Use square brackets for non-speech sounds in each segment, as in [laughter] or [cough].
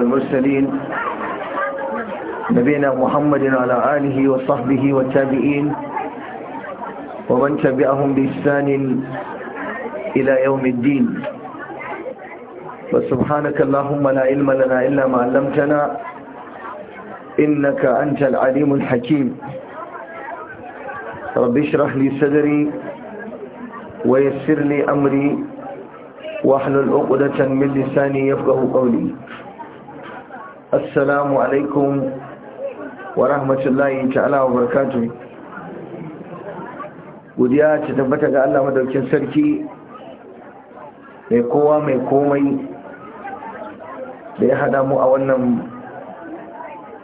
المرسلين نبينا محمد على آله وصحبه والتابعين ومن تبعهم بإحسان إلى يوم الدين وسبحانك اللهم لا علم لنا إلا ما علمتنا إنك أنت العليم الحكيم رب اشرح لي صدري ويسر لي أمري واحلل عقدة من لساني يفقه قولي assalamu alaikum wa rahmatullahi ta'ala wa barakatun gudiya ta tabbata ga Allah madaukin sarki mai kowa mai komai da ya hada mu a wannan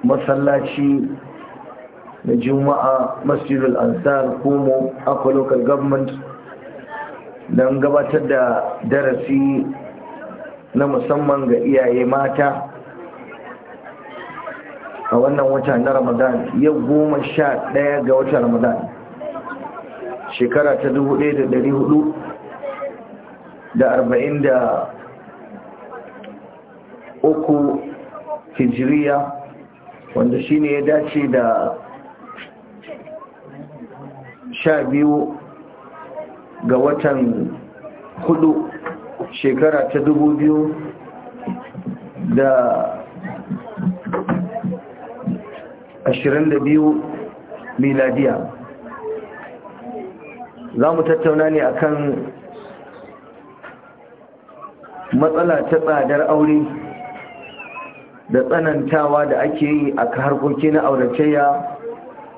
masallaci na juma'a masjidul ansar komo akwa local government don gabatar da darasi na musamman ga iyaye mata a wannan wata na ramadan ya goma sha ɗaya ga wata ramadan shekara ta dubu daya da dari hudu da arba'in da uku hijiriya wanda shine ya dace da sha biyu ga watan hudu shekara ta dubu biyu da 22 miladiya za mu tattauna ne akan matsala ta tsadar aure da tsanantawa da ake yi a harkoki na auratayya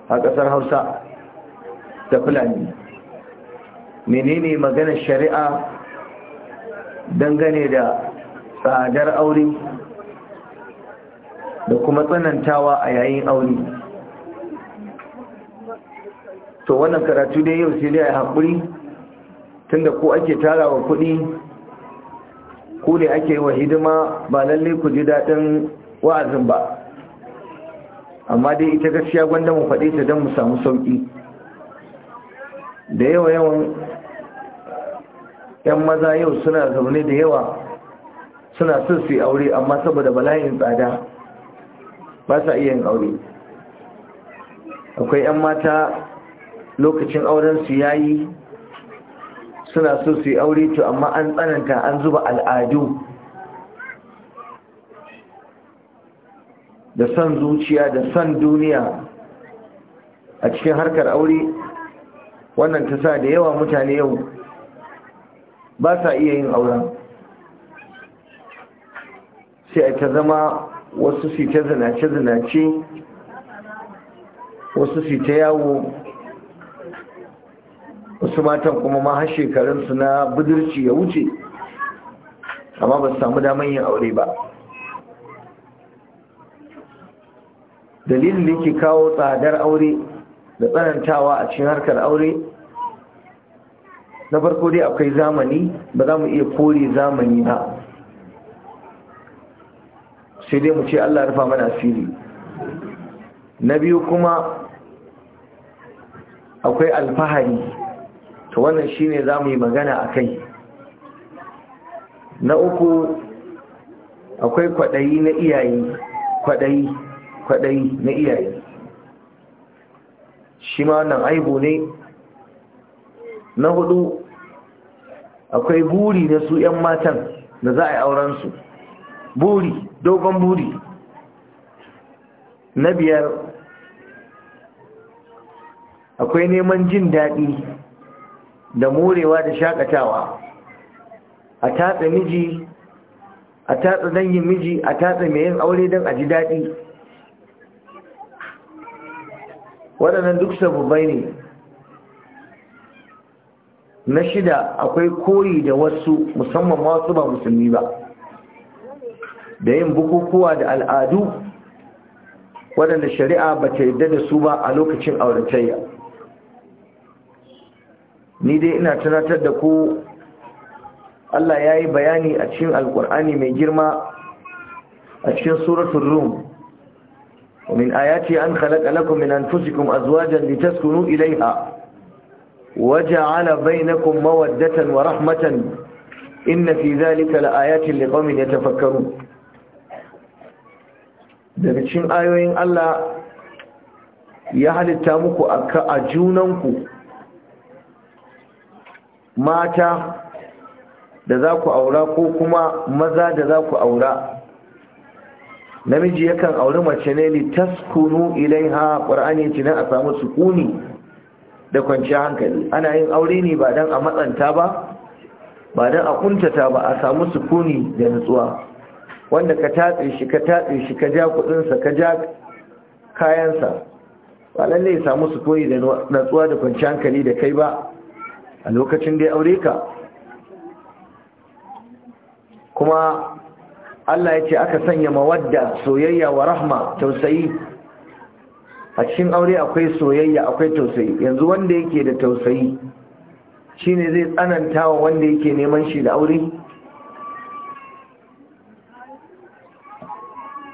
a ƙasar hausa da fulani menene maganar shari'a dangane da tsadar aure da kuma tsanantawa a yayin aure to wannan karatu dai yau sai dai haƙuri tunda ko ake tarawa kuɗi ko ne ake yi wa hidima ba lalle ku ji daɗin wa'azin ba amma dai ita gaskiya gwanda mu faɗe ta don mu samu sauƙi da yawa yawan 'yan maza yau suna zaune da yawa suna son su yi aure amma saboda bala'in tsada ba sa iya yin aure akwai 'yan mata lokacin aurensu ya yi suna so su yi aure to amma an tsananta an zuba al'adu da son zuciya da son duniya a cikin harkar aure wannan ta sa da yawa mutane yau ba sa iya yin auren sai ta zama wasu su ta zinace-zinace wasu su yawo wasu matan kuma ma har shekarunsu na budurci ya wuce amma ba su samu damar yin aure ba dalilin da ke kawo tsadar aure da tsanantawa a cikin harkar aure na farko dai akwai zamani ba za mu iya kore zamani ba sai dai mu ce Allah rufa mana asiri na biyu kuma akwai alfahari to wannan shine za mu yi magana a kai na uku akwai kwaɗayi na iyaye kwaɗayi kwaɗayi na iyaye shi ma wannan aibu ne na hudu akwai buri na su 'yan matan da za a yi aurensu buri dogon buri na biyar akwai neman jin daɗi da morewa da shakatawa a tatsa miji a tatsa dangin miji a tatsa mai yin aure don a ji daɗi waɗannan duk sababbai ne na shida akwai koyi da wasu musamman masu ba musulmi ba da yin bukukuwa da al'adu waɗanda shari'a bata yarda da su ba a lokacin auratayya ni dai ina tunatar da ku Allah ya yi bayani a cikin alƙur'ani mai girma a cikin suratun rum min ayati an khalaƙa lakum min anfusikum azwajan litaskunu ilaiha waja'ala bainakum mawaddatan wa rahmatan inna fi dhalika la'ayatin liqaumin yatafakkarun daga cin ayoyin Allah ya halitta muku a junanku mata da za ku aura ko kuma maza da za ku aura namiji yakan auri mace ne litaskunu ilaiha qur'ani ce a samu sukuni da kwanciyar hankali ana yin aure ne ba dan a matsanta ba ba dan a kuntata ba a samu sukuni da nutsuwa wanda ka tatse shi ka tatse shi ka ja kudinsa ka ja kayansa ba lalle ya samu su koyi da natsuwa da kwanci hankali da kai ba a lokacin da ya aure ka kuma Allah ya ce aka sanya mawadda soyayya wa rahma tausayi a cikin aure akwai soyayya akwai tausayi yanzu wanda yake da tausayi shine zai tsananta wa wanda yake neman shi da aure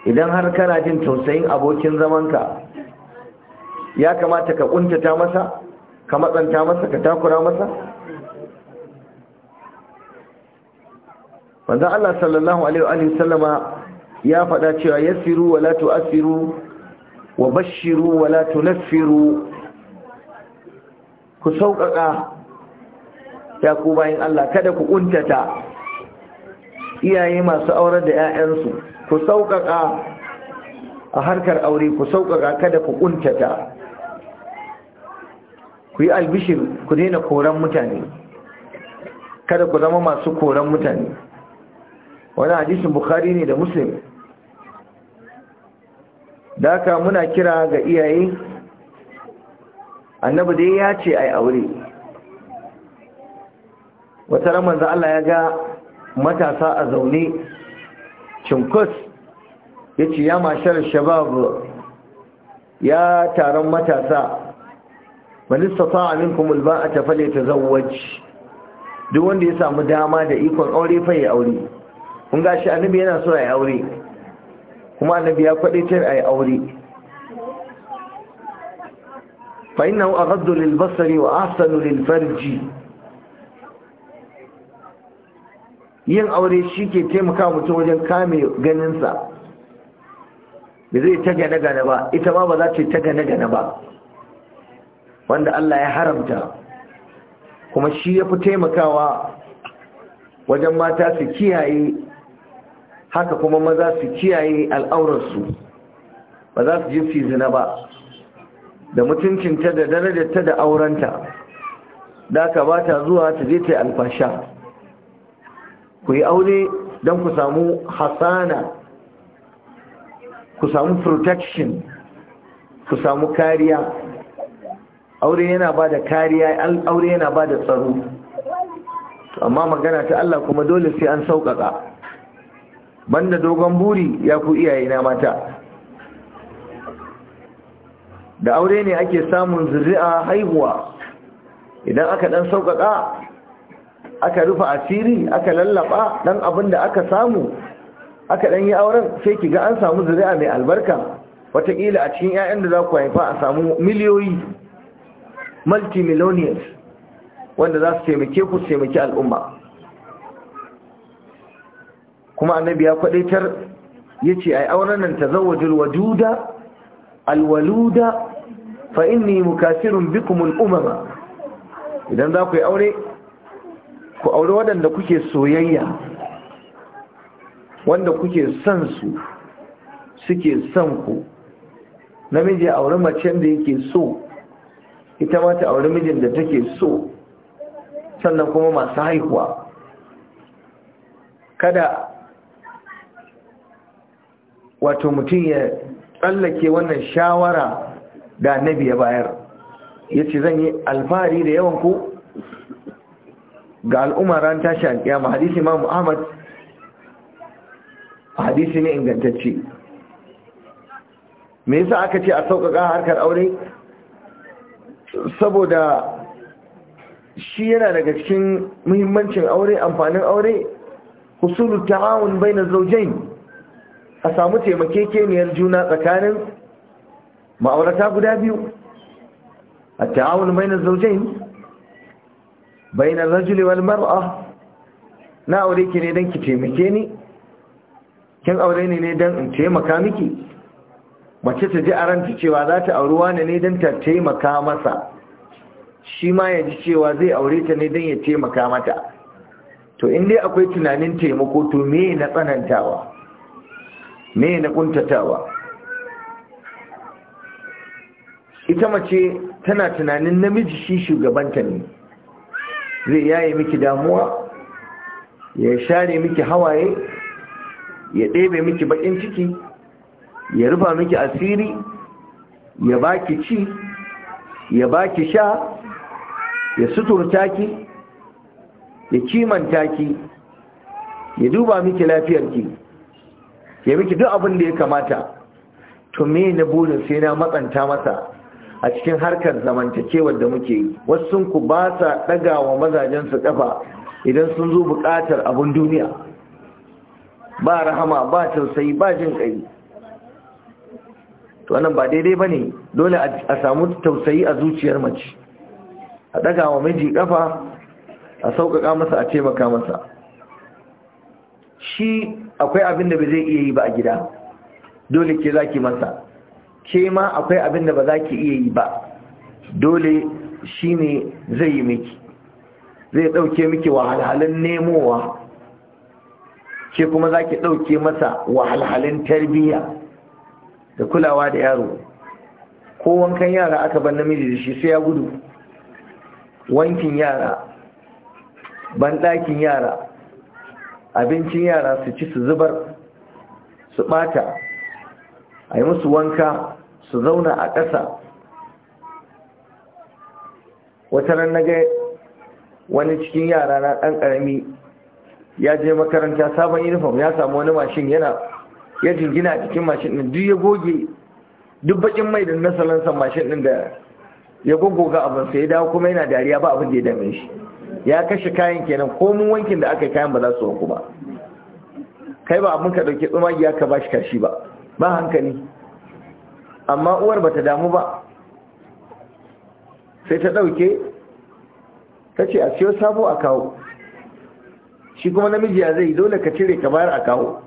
idan har kana jin tausayin abokin zamanka ya kamata ka kuntata masa ka matsanta masa ka takura masa wanda Allah sallallahu alaihi wa sallama ya faɗa cewa yasiru wa la wa bashiru wa la ku sauƙaƙa ya ku bayin Allah kada ku kuntata iyaye masu aurar da 'ya'yansu ku sauƙaƙa a harkar aure ku sauƙaƙa kada ku ƙuntata ku yi albishir ku daina koran mutane kada ku zama masu koran mutane wani hadisin bukhari ne da muslim da haka muna kira ga iyaye annabi dai ya ce ai aure wata ramanza Allah ya ga matasa a zaune cinkus ya ce ya mashar Shababu ya taron matasa malista ta kuma ba a tafale ta zawaj duk wanda ya samu dama da ikon aure fa ya aure kun gashi annabi yana so ya aure kuma annabi ya kwadaitar a yi aure fa innahu aghaddu lil basari wa ahsanu lil farji yin aure shi ke taimaka mutum wajen kame ganinsa da zai ta gane-gane ba ita ma ba za ce ta gane-gane ba wanda Allah ya haramta kuma shi ya fi taimakawa wajen mata su kiyaye haka kuma maza su kiyaye al'aurarsu ba za su je su zina ba da mutuncinta da darajarta da aurenta da aka ba ta zuwa ta je ta yi alfasha ku yi aure don ku samu hasana ku samu protection ku samu kariya aure yana ba da kariya aure yana ba da tsaro amma magana ta Allah kuma dole sai an sauƙaƙa banda dogon buri ya ku iyaye na mata da aure ne ake samun zuri'a haihuwa idan aka dan sauƙaƙa aka rufe asiri aka lallaba dan abin da aka samu aka dan yi auren sai ki ga an samu zuri'a mai albarka wataƙila a cikin 'ya'yan da za ku haifa a samu miliyoyi multimillionaires wanda za su taimake ku su taimaki al'umma kuma annabi ya kwadaitar yace ai auren nan ta tazawwajul wajuda alwaluda fa inni mukasirun bikum umama idan za ku yi aure ku aure waɗanda kuke soyayya wanda kuke son su suke son ku namiji aure macen da yake so ita ma ta aure mijin da take so sannan kuma masu haihuwa kada wato mutum ya tsallake wannan shawara da annabi ya bayar ya ce zan yi alfahari da yawan ku ga al'umma ran tashi alƙiyama hadisi Imam muhammad hadisi ne ingantacce me yasa aka ce a sauƙaƙa harkar aure saboda shi yana daga cikin muhimmancin aure amfanin aure husulu ta'awun bainaz zawjayn a samu taimakekeniyar juna tsakanin ma'aurata guda biyu a ta'awun bainaz zawjayn bainar rajuli wal mar'a na aure ki ne don ki taimake ni kin aure ni ne don in taimaka miki mace ta ji a ranta cewa za ta auri wani ne don ta taimaka masa shi ma ya ji cewa zai aure ta ne don ya taimaka mata to in dai akwai tunanin taimako to me na tsanantawa me na kuntatawa ita mace tana tunanin namiji shi shugabanta ne zai yaye miki damuwa ya share miki hawaye ya ɗebe miki baƙin ciki ya rufa miki asiri ya baki ci ya baki sha ya suturta ki ya kimanta ki ya duba miki lafiyarki ya miki duk abin da ya kamata to me na burin sai na matsanta masa a cikin harkar zamantakewar da muke yi wasu ku ba sa ɗaga wa mazajensu ƙafa idan sun zo buƙatar abin duniya ba rahama ba tausayi ba jin ƙari to wannan ba daidai ba ne dole a samu tausayi a zuciyar mace a ɗaga wa miji ƙafa a sauƙaƙa masa a taimaka masa shi akwai abin da ba zai iya yi ba a gida dole ke zaki masa ke ma akwai abin da ba za ki iya yi ba dole shi ne zai yi miki zai ɗauke miki wahalhalin nemowa ke kuma za ki ɗauke masa wahalhalin tarbiyya da kulawa da yaro ko wankan yara aka ban namiji da shi sai ya gudu wankin yara banɗakin yara abincin yara su ci su zubar su ɓata a yi musu wanka su zauna a ƙasa wata ran na ga wani cikin yara na ɗan ƙarami ya je makaranta sabon uniform ya samu wani mashin yana ya jingina a cikin mashin ɗin duk ya goge duk bakin mai da nasalansa mashin ɗin da ya gogoga abinsa ya dawo kuma yana dariya ba abin da ya dame shi ya kashe kayan kenan ko mun wankin da aka yi kayan ba za su wanku ba kai ba abin ka ɗauki tsumagiya ka ba shi kashi ba ba hankali amma uwar bata damu ba sai ta ɗauke ta ce a siyo sabo a kawo shi kuma namiji ya zai dole ka cire ka bayar a kawo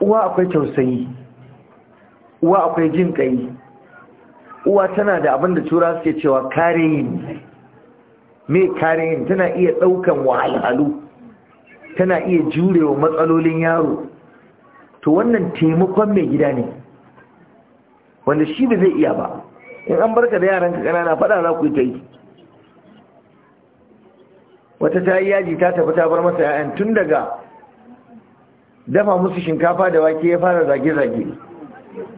uwa akwai tausayi uwa akwai jin ƙai uwa tana da abin da tura suke cewa kare kareyin mai yin, tana iya ɗaukan wahalhalu tana iya jurewa matsalolin yaro to wannan taimakon mai gida ne wanda shi ba zai iya ba in an barka da yaran ka kanana faɗa za ku yi ta yi wata ta yi yaji ta tafi ta bar masa yayan tun daga dafa musu shinkafa da wake ya fara zage-zage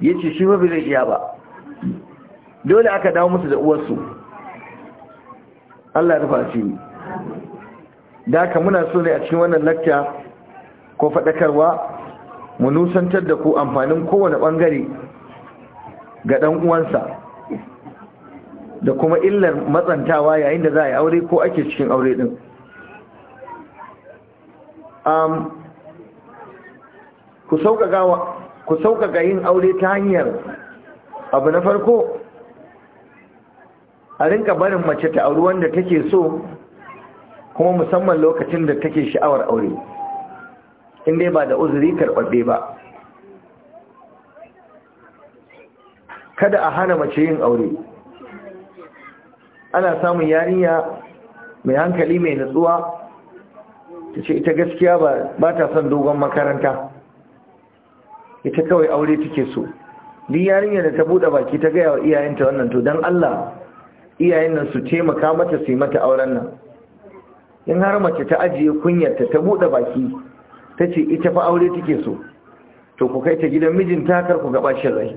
ya ce shi ba zai iya ba dole aka dawo musu da uwarsu Allah ya rufa shi da haka muna so ne a cikin wannan lakta ko faɗakarwa mu nusantar da ku amfanin kowane ɓangare ga dan uwansa da kuma illar matsantawa yayin da za a yi aure ko ake cikin aure din um, ku sauƙaƙa yin aure ta hanyar abu na farko a rinka barin mace ta auri wanda take so kuma musamman lokacin da take sha'awar aure in dai ba da uzuri karɓaɓɓe ba kada a hana mace yin aure ana samun yarinya mai hankali mai nutsuwa ta ce ita gaskiya ba ta son dogon makaranta ita kawai aure take so duk yarinya da ta buɗe baki ta gaya wa iyayenta wannan to don allah iyayen nan su taimaka mata su yi mata auren nan in har mace ta ajiye kunyarta ta buɗe baki ta ce ita fa aure take so to ku kai ta gidan mijinta kar ku gaba shi rai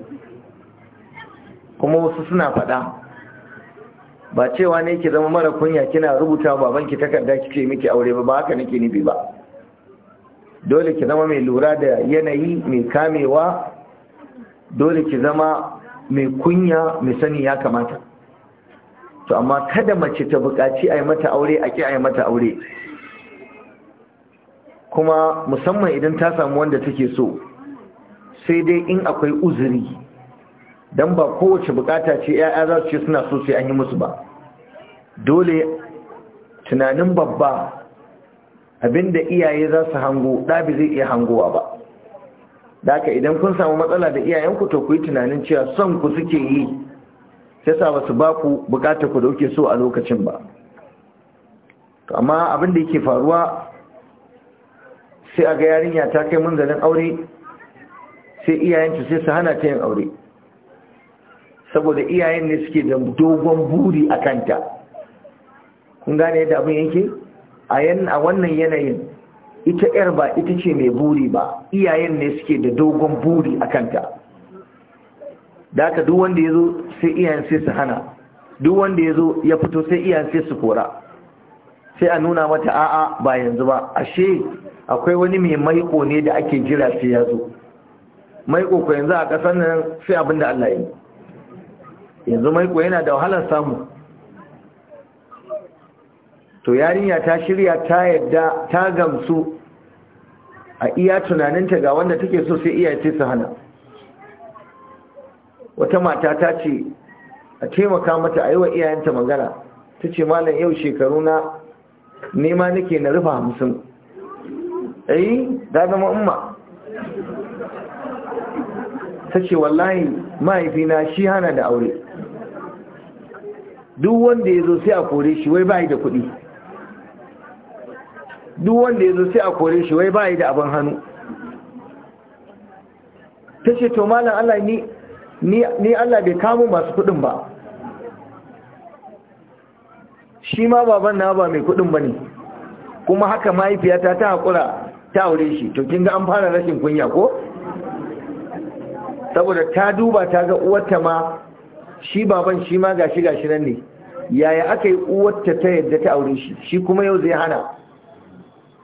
kuma wasu suna faɗa ba cewa ne ki zama mara kunya kina rubuta babanki takarda kike miki aure ba ba haka nake nufi ba dole ki zama mai lura da yanayi mai kamewa dole ki zama mai kunya mai sani ya kamata to amma kada mace ta buƙaci a yi mata aure a ki a yi mata aure kuma musamman idan ta samu wanda take so sai dai in akwai uzuri don ba kowace bukata ce ya'ya za su ce suna so sai an yi musu ba dole tunanin babba abinda iyaye za su hango ɗabi zai iya hangowa ba da idan kun samu matsala da iyayenku to ku yi tunanin cewa son ku suke yi sai sa basu ba ku bukata ku dauke so a lokacin ba amma abin da yake faruwa sai a ga yarinya ta kai munzalin aure sai iyayenta sai su hana ta yin aure saboda iyayen ne suke da dogon buri a kanta kun gane yadda abin yake a wannan yanayin ita yar ba ita ce mai buri ba iyayen ne suke da dogon buri a kanta da aka duk wanda ya zo sai iyayen sai su hana duk wanda ya zo ya fito sai iyayen sai su kora sai a nuna mata a'a ba yanzu ba ashe akwai wani mai maiko ne da ake jira sai ya zo maiko ko yanzu a ƙasar nan sai abin da Allah ya yi yanzu maiko yana da wahalar samu to yarinya ta shirya ta yadda ta gamsu a iya tunaninta ga wanda take so sai iya ce su hana wata mata ta ce a taimaka mata a yi wa iyayenta magana ta ce malam yau shekaru na nema nake na rufe hamsin eh da zama umma ta ce wallahi mahaifina shi hana da aure duk wanda ya zo sai a kore shi wai bayi da kuɗi duk wanda ya zo sai a kore shi wai bayi da abin hannu ta ce to malam Allah ni ni Allah bai kamo masu kuɗin ba shi ma baban na ba mai kuɗin ba ne kuma haka mahaifiyata ta haƙura ta wuri shi to kin ga an fara rashin kunya ko saboda ta duba ta ga uwarta ma shi baban shi ma gashi gashi nan ne yaya aka yi uwarta ta yadda ta aure shi shi kuma yau zai hana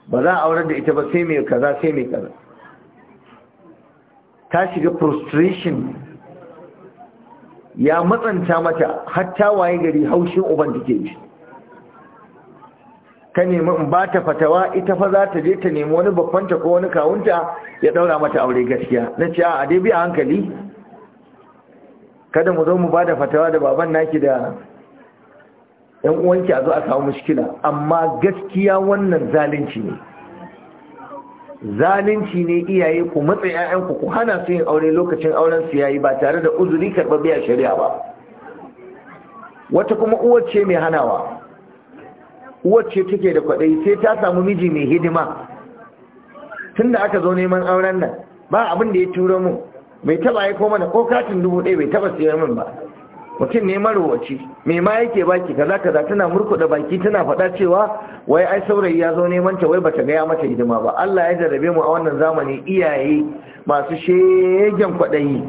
ba za a aurar da ita ba sai mai kaza sai mai kaza ta shiga prostration ya matsanta mata hatta waye gari haushin uban take shi ta nemi in ba ta fatawa ita fa za ta je ta nemi wani babbanta ko wani kawunta ya daura mata aure gaskiya na ce a dai biya hankali kada mu zo mu ba da fatawa da baban naki da yan uwanki a zo a samu mushkila amma gaskiya wannan zalunci ne zalunci ne iyaye ku matsa 'ya'yanku ku hana su yin aure lokacin auren su yayi ba tare da uzuri karɓar biya shari'a ba wata kuma uwar ce mai hanawa wacce take da kwaɗayi sai ta samu miji mai hidima tunda aka zo neman auren nan ba abin da ya turo mu mai taba ya koma da ko katin dubu ɗaya bai taba siyar min ba mutum ne marowaci me ma yake baki kaza kaza tana murkuɗa baki tana faɗa cewa wai ai saurayi ya zo neman ta wai bata gaya mata hidima ba Allah ya jarrabe mu a wannan zamani iyaye masu shegen kwaɗayi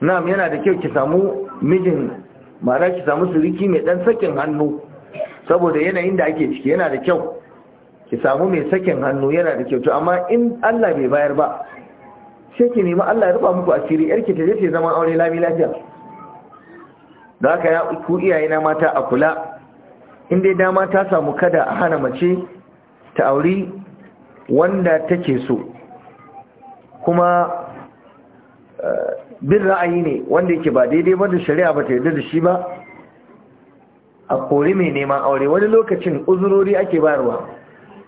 na'am yana da kyau ki samu mijin ma'ana ki samu siriki mai dan sakin hannu saboda yanayin da ake ciki yana da kyau ki samu mai sakin hannu yana da kyau amma in Allah bai bayar ba sai ki nemi Allah ya rufa muku asiri yarki ta je ta zama aure lami lafiya da haka ya ku iyaye na mata a kula in dai dama ta samu kada a hana mace ta auri wanda take so kuma bin ra'ayi ne wanda yake ba daidai ba da shari'a ba ta da shi ba a kori mai neman aure wani lokacin uzurori ake bayarwa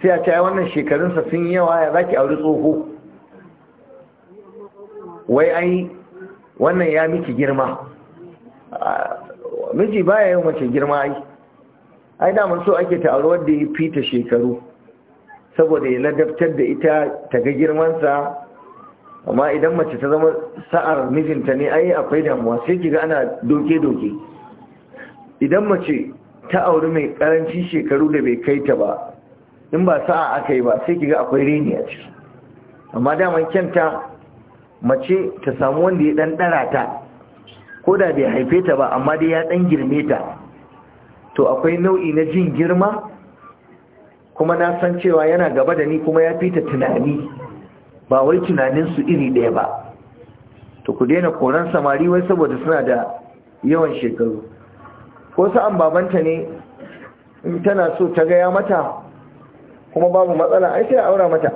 sai a yi wannan shekarunsa sun yi yawa ya ki aure tsoho wai ai wannan ya miki girma ah, miji ba ya yin mace girma ai ai da so ake ta aure wanda ya fita shekaru saboda ya ladabtar da ita ta ga girmansa amma idan mace ta zama sa'ar mijinta ne ai akwai damuwa sai kiga ana doke-doke idan mace ta auri mai karanci shekaru da bai kai ta ba in ba sa'a aka yi ba sai kiga akwai reni a ciki amma daman kyanta mace ta samu wanda ya dan dara ta ko da bai haife ta ba amma dai ya dan girme ta to akwai nau'i na jin girma kuma na san cewa yana gaba da ni kuma ya fita tunani ba wai tunaninsu iri ɗaya ba to ku daina koran samari wai saboda suna da yawan shekaru ko sa'an babanta ne in tana so ta gaya mata kuma babu matsala ai sai aura mata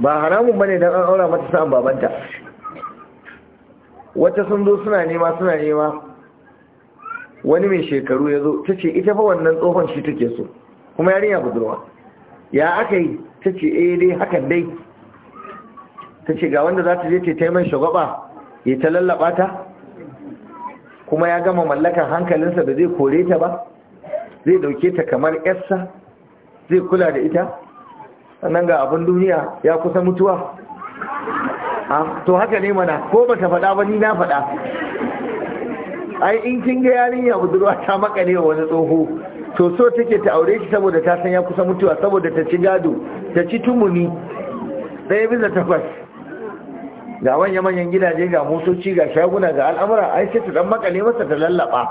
ba haramun bane dan an aura mata sa'an babanta wata sun zo suna nema suna nema wani mai shekaru ya zo ta ce ita fa wannan tsohon shi take so kuma yarinya budurwa ya aka yi ta ce eh dai hakan dai ta ce ga wanda za ta je ta yi mai shugaba ya ta lallaba ta kuma ya gama mallakan hankalinsa da zai kore ta ba zai dauke ta kamar yarsa zai kula da ita sannan ga abin duniya ya kusa mutuwa to haka ne mana ko ba ta faɗa ba ni na faɗa ai in kin ga yarinya budurwa ta makale wani tsoho to so take ta aure shi saboda ta san ya kusa mutuwa saboda ta ci gado ta ci tumuni ɗaya bisa takwas ga manya manyan gidaje ga motoci ga shaguna ga al'amura ai sai ta dan makale masa ta lallaba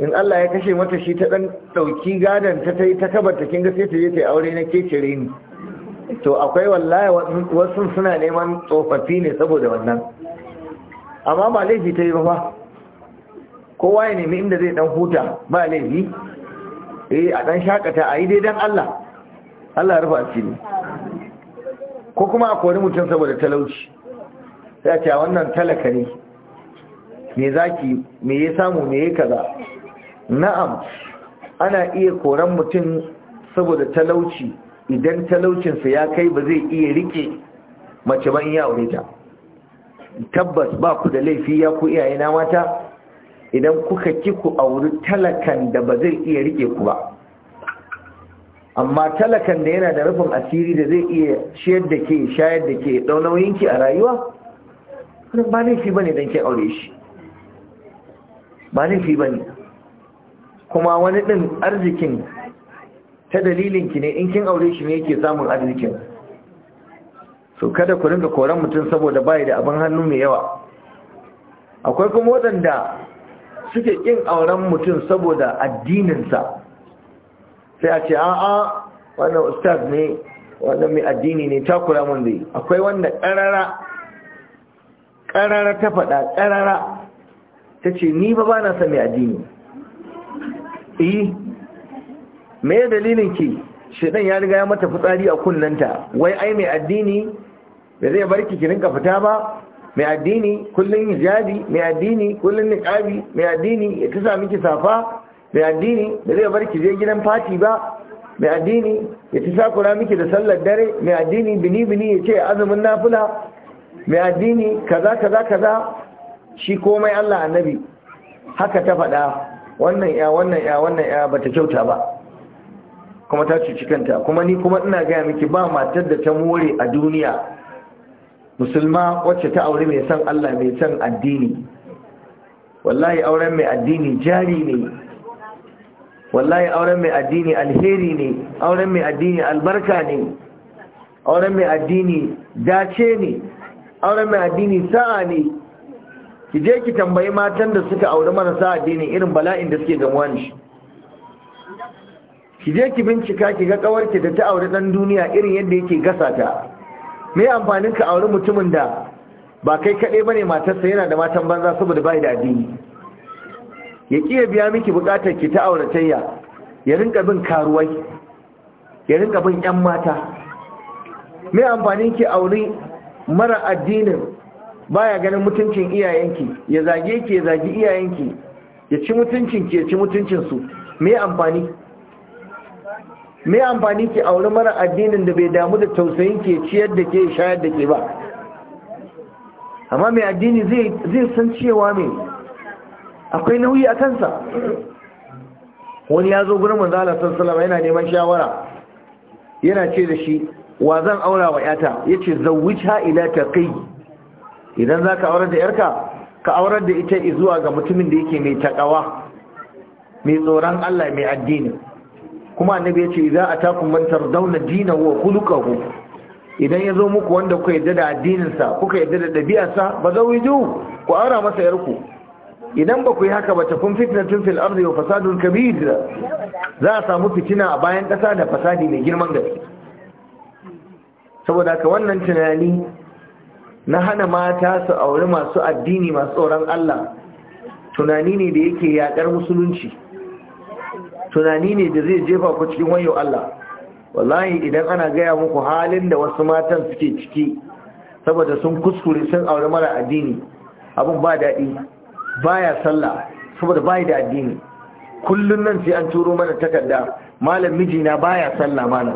in Allah ya kashe mata shi ta dan dauki gadan ta tai ta kabarta kinga sai ta je ta aure na kecere ni to akwai wallahi wasu suna neman tsofaffi ne saboda wannan amma ba laifi ta yi ba fa, kowa ya nemi inda zai dan huta ba laifi eh a dan shakata a yi dai dan Allah Allah ya rufa asiri ko kuma a kori mutum saboda talauci sai a ce wannan talaka ne me zaki me ya samu me ya kaza na'am ana iya koran mutum saboda talauci idan talaucinsa ya kai ba zai iya rike mace ban ya aure ta tabbas ba ku da laifi ya ku iyaye mata idan kuka ki ku auri talakan da ba zai iya rike ku ba amma talakan da yana da rufin asiri da zai iya shayar da ke shayar da ke a rayuwa ba ba ne don ke aure shi ba ba ne kuma wani ɗin arzikin ta dalilin ki ne in kin aure shi ne yake samun arzikin so kada ku rinka koran mutum saboda bayi da abin hannu mai yawa akwai kuma waɗanda suke ƙin auren mutum saboda addininsa sai a ce a'a wannan ustaz ne wannan mai addini ne takura mun zai akwai wanda karara karara ta faɗa karara ta ce ni ba ba na san mai addini E me dalilin ki shedan ya riga ya mata fitsari a kunnanta wai ai mai addini da zai bar ki ka fita ba mai addini kullun hijabi mai addini kullun niqabi mai addini ya ta sami safa mai addini da zai bar ki je gidan fati ba mai addini ya ci sakura miki da sallar dare mai addini bini bini ya ce azumin nafila mai addini kaza kaza kaza shi komai Allah annabi haka ta faɗa wannan ya wannan ya wannan ya ba ta kyauta ba kuma ta cuci kanta kuma ni kuma ina gaya miki ba matar da ta more a duniya musulma wacce ta aure mai son Allah mai san addini wallahi auren mai addini jari ne wallahi auren mai addini alheri ne auren mai addini albarka ne auren mai addini dace ne auren mai addini sa'a ne ki je ki tambayi matan da suka auri marasa addini irin bala'in da suke gamuwa ne ki je ki bincika ki ga kawarki da ta auri dan duniya irin yadda yake gasa ta me amfanin ka auri mutumin da ba kai kaɗai bane matarsa yana da matan banza saboda bai da addini ya ya biya miki bukatar ki ta auratayya ya rinka bin karuwai ya rinka bin yan mata me amfanin ki aure mara addinin baya ganin mutuncin iyayenki ya zage ki ya zagi iyayenki ya ci mutuncin ki ya ci mutuncin su me amfani me amfani ki aure mara addinin da bai damu da tausayin ki ya ciyar da ke shayar da ke ba amma mai addini zai san cewa mai akwai nauyi a kansa wani ya zo gurin manzala Allah yana neman shawara yana ce da shi wa zan aura wa yata yace zawwijha ila kai. idan za ka aurar da yarka ka aurar da ita zuwa ga mutumin da yake mai takawa mai tsoron Allah mai addini kuma annabi za a takun mantar dauna dina wa ku. idan ya zo muku wanda kuka yadda da addininsa kuka yadda da ɗabi'arsa ba zauwiju ku aura masa yarku idan ba ku yi haka ba fitna fitnatun fil ardi wa fasadun kabir za a samu fitina a bayan ƙasa da fasadi mai girman gari. saboda ka wannan tunani na hana mata su auri masu addini masu tsoron Allah tunani ne da yake yaƙar musulunci tunani ne da zai jefa ku cikin wayo Allah wallahi idan ana gaya muku halin da wasu matan suke ciki saboda sun kuskure sun auri mara addini abin ba daɗi baya sallah saboda bai da addini kullun nan sai an turo mana takarda malam mijina baya sallah mana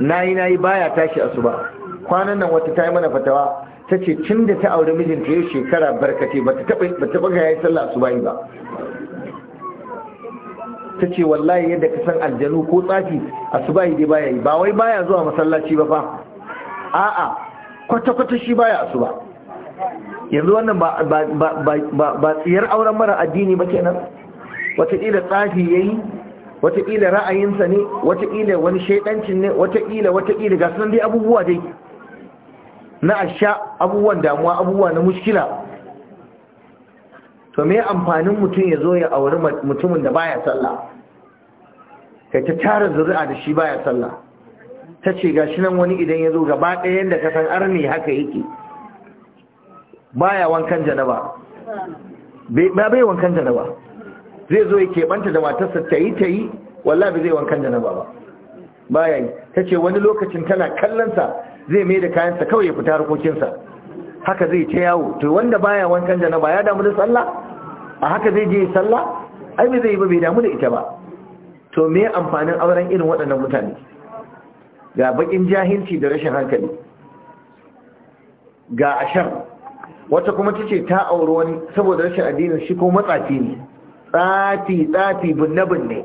nayi nayi baya tashi asuba kwanan nan wata tayi mana fatawa ta ce ta aure mijinta yau shekara barkace ba ta taɓa ga ya sallah asuba ba ta wallahi yadda ka san aljanu ko tsafi asuba dai baya yi ba wai baya zuwa masallaci ba fa a'a kwata-kwata shi baya asuba yanzu wannan ba tsiyar auren mara addini ba kenan wataƙila tsafi ya yi wataƙila ra'ayinsa ne wataƙila wani shaidancin ne wataƙila wataƙila ga sunan dai abubuwa dai na asha abubuwan damuwa abubuwa na mushkila to me amfanin mutum ya zo ya auri mutumin da baya sallah kai ta tara zuri'a da shi baya sallah ta ce ga shi nan wani idan ya zo gaba ɗaya da ka san arni haka yake baya wankan janaba ba bai wankan janaba zai zo ya keɓanta da matarsa ta yi ta yi wallahi zai wankan janaba ba baya yi ta ce wani lokacin tana kallonsa zai mai da kayansa kawai ya fita harkokinsa haka zai ta yawo to wanda baya wankan janaba ya damu da sallah a haka zai je sallah ai bai zai yi ba bai damu da ita ba to me amfanin auren irin waɗannan mutane ga bakin jahilci da rashin hankali ga ashar wata kuma ta ce ta auri wani saboda rashin addinin shi ko matsafi ne tsafi tsafi binne binne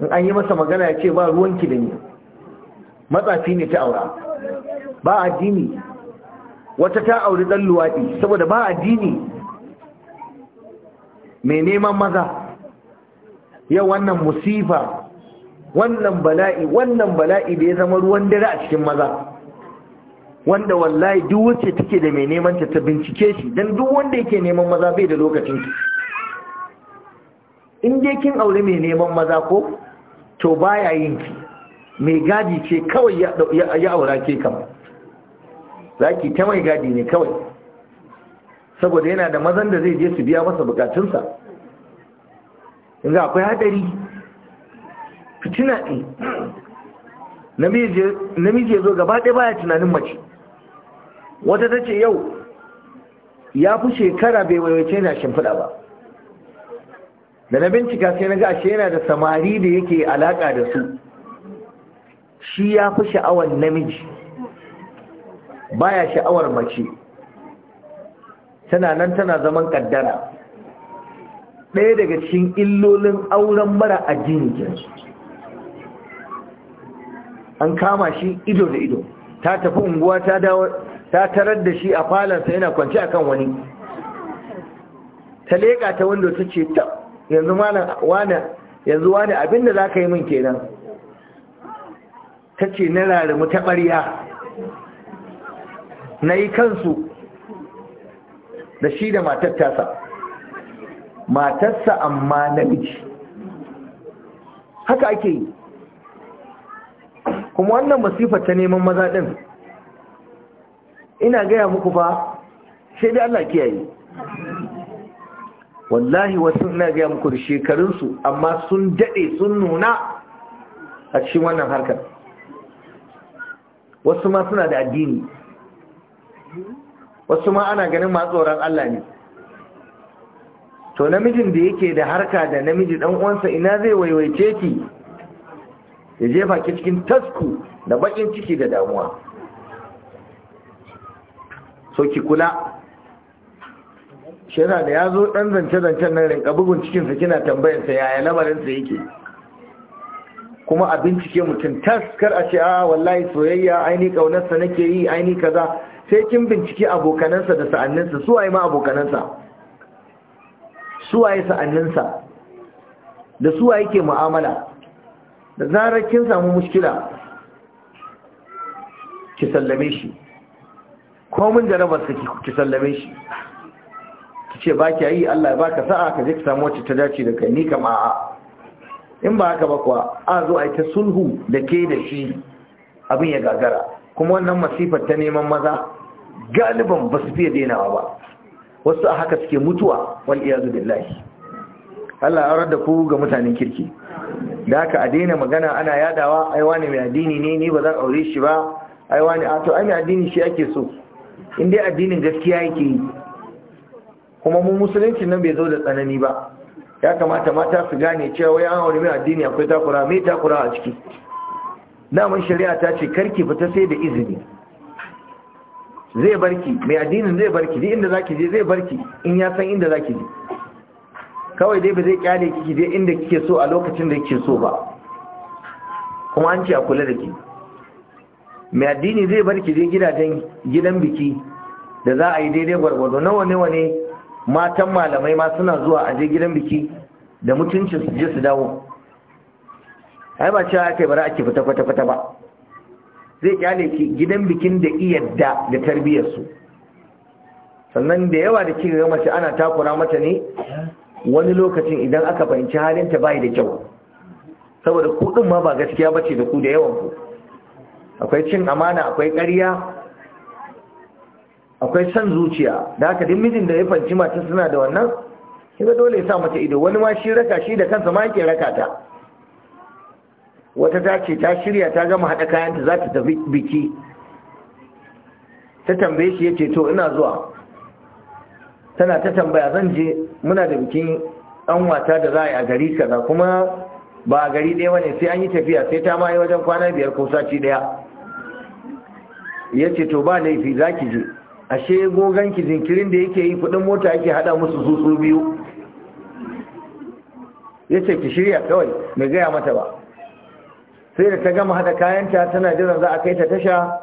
in an yi masa magana ya ce ba ruwanki da ne. matsafi ne ta aura ba addini wata ta auri dan luwaɗi saboda ba addini mai neman maza yau wannan musifa wannan bala'i wannan bala'i da ya zama ruwan dare a cikin maza wanda wallahi duk wacce take da mai neman ta ta bincike shi dan duk wanda yake neman maza bai da lokacin ki in dai kin aure mai neman maza ko to baya yin ki mai gadi ce kawai ya aura ke kama zaki ta mai gadi ne kawai saboda yana da mazan da zai je su biya masa bukatun bukatunsa Inga akwai hadari fitina ne namiji ya zo gaba ɗaya baya tunanin mace wata ta ce yau ya fi shekara bai waiwace na shimfiɗa ba da na bincika sai na ga ashe yana da samari da yake alaƙa da su shi ya fi sha'awar namiji baya sha'awar mace tana nan tana zaman kaddara ɗaya daga cikin illolin auren mara addini an kama shi ido da ido ta tafi unguwa ta dawo ta tarar da shi a falansa yana kwanci akan wani ta leƙa ta wanda ta ce ta yanzu wani yanzu wane abinda za ka yi min kenan ta ce na rarimu ta ɓarya na yi kansu da shi da matattasa matarsa amma na namiji haka ake yi kuma wannan masifar ta neman maza ɗin ina gaya muku fa sai dai Allah kiyaye wallahi wasu ina gaya muku da shekarunsu amma sun daɗe sun nuna a cikin wannan harkar wasu ma suna da addini wasu ma ana ganin ma tsoron Allah ne to namijin da yake da harka da namiji dan uwansa ina zai waiwaice ki ya jefa ki cikin tasku da baƙin ciki da damuwa so ki kula shira da ya zo ɗan zance-zancen na rinka bugun cikinsa kina tambayarsa yaya lamarinsa yake kuma a bincike mutum taskar a ce a wallahi soyayya aini kaunarsa nake yi aini kaza sai kin bincike abokanansa da sa'anninsa su waye ma abokanansa su waye sa'anninsa da su waye ke mu'amala da zarar kin samu mushkila ki sallame shi komin jarabar su ki sallame shi ki ce ba kya Allah ya baka sa'a ka je ka samu wacce ta dace da kai ni kama a in ba haka ba kuwa a zo a yi ta sulhu da ke da shi abin ya gagara kuma wannan masifar ta neman maza galiban ba su fiye denawa ba wasu a haka suke mutuwa wal iyazu billahi Allah ya da ku ga mutanen kirki da haka a daina magana ana yadawa ai wani mai addini ne ni ba zan aure shi ba ai wani a to ai mai addini shi ake so Inda addinin gaskiya yake yi kuma mu musulunci nan bai zo da tsanani ba ya kamata mata su gane cewa wai an aure mai addini akwai takura mai takura a ciki namun shari'a ta ce karki fita sai da izini zai barki mai addinin zai barki duk inda zaki je zai barki in ya san inda zaki je kawai dai ba zai kyale kiki dai inda kike so a lokacin da kike so ba kuma an ce a kula da ki mai addini zai bar ki je gidajen gidan biki da za a yi daidai gwargwado na wane wane matan malamai ma suna zuwa a je gidan biki da mutuncin su je su dawo ai ba cewa aka yi bara ake fita kwata-kwata ba zai kyale ki gidan bikin da iyadda da tarbiyyarsu sannan da yawa da ke ga mace ana takura mata ne wani lokacin idan aka fahimci halinta bayi da kyau saboda kuɗin ma ba gaskiya bace da ku da yawan ku akwai cin amana akwai ƙarya akwai son zuciya da haka duk mijin da ya fanci mata suna da wannan kiga dole ya sa mata ido wani ma shi raka shi da kansa ma yake raka ta wata ta ce ta shirya ta gama haɗa kayanta za ta tafi biki ta tambaye shi ya ce to ina zuwa tana ta tambaya zan je muna da bikin ɗan wata da za a yi a gari kaza kuma ba a gari ɗaya ne, sai an yi tafiya sai ta ma yi wajen kwana biyar ko sati ɗaya ya ce to ba laifi za ki je ashe ki jinkirin da yake yi kudin mota yake hada musu su biyu ya ce ki shirya kawai mai gaya mata ba sai da ta gama hada kayanta tana jiran za a kai ta tasha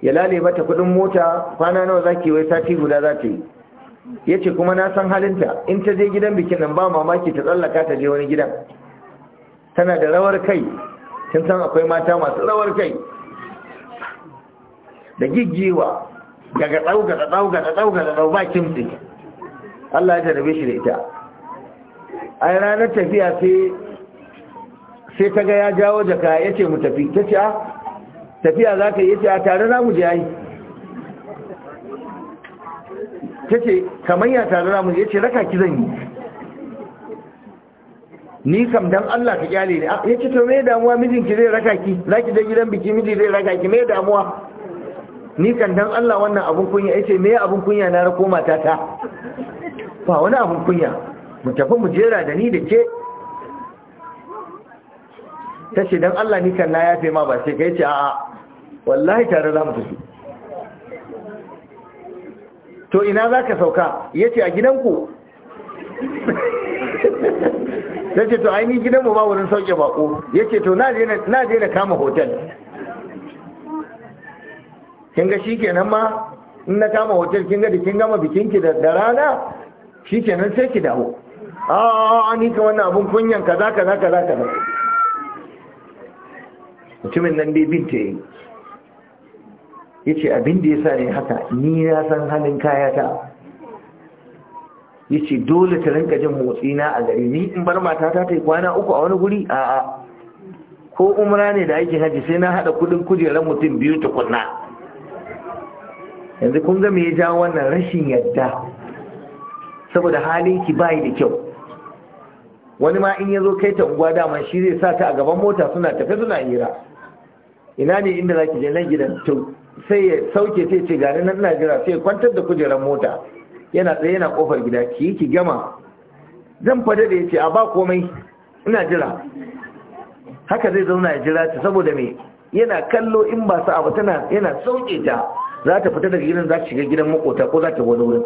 ya lale mata kudin mota kwana nawa za ki wai sati guda za ta yi ya ce kuma na san halinta in ta je gidan bikin nan ba mamaki ta tsallaka ta je wani gidan tana da rawar kai tun san akwai mata masu rawar kai da giggiwa daga da da ɗaugata da ɗau ba su Allah ya tarbe shi da ita a ranar tafiya sai ta ga ya jawo jaka ya ce mu tafi ta ce ah, tafiya za ka yi ce a tare za mu je yayi ta ce kamar ya tare za mu je ya ce raka ki zan yi ni kam dan Allah ka kyale ne ah, ya ce to me damuwa mijinki zai raka ki za ki je gidan biki miji zai raka ki me damuwa ni kan dan Allah wannan abun kunya yace me abun kunya na rako matata ba wani abun kunya mu tafi mu jera da ni da ke tace dan Allah ni kan na yafe ma ba sai kai ce a'a wallahi tare za mu tafi to ina za ka sauka yace a gidanku ta ce to ainihin mu ba wurin sauke bako ya ce to na je na kama hotel kin ga shikenan ma in na kama hotel kin ga da kin gama bikin ki da rana shikenan sai ki dawo a ni ka wannan abun kunyan kaza kaza kaza kaza mutumin nan dai binta yayi yace abin da yasa ne haka ni na san halin kayata yace dole ta rinka jin motsi na a gari ni in bar mata ta yi kwana uku a wani guri a'a ko umra ne da ake haji sai na hada kudin kujerar mutum biyu tukunna yanzu kun ga me ya ja wannan rashin yadda saboda halin ki bai da kyau wani ma in ya zo kai ta unguwa dama shi zai sa ta a gaban mota suna tafe suna hira ina ne inda zaki je nan gidan to sai ya sauke sai ce gani nan ina jira sai kwantar da kujerar mota yana tsaye yana kofar gida ki yi ki gama zan fada da yace a ba komai ina jira haka zai zauna ya jira ta saboda me yana kallo in ba sa abu tana yana sauke ta za ta fita daga gidan za ta shiga gidan makota ko za ta wani wurin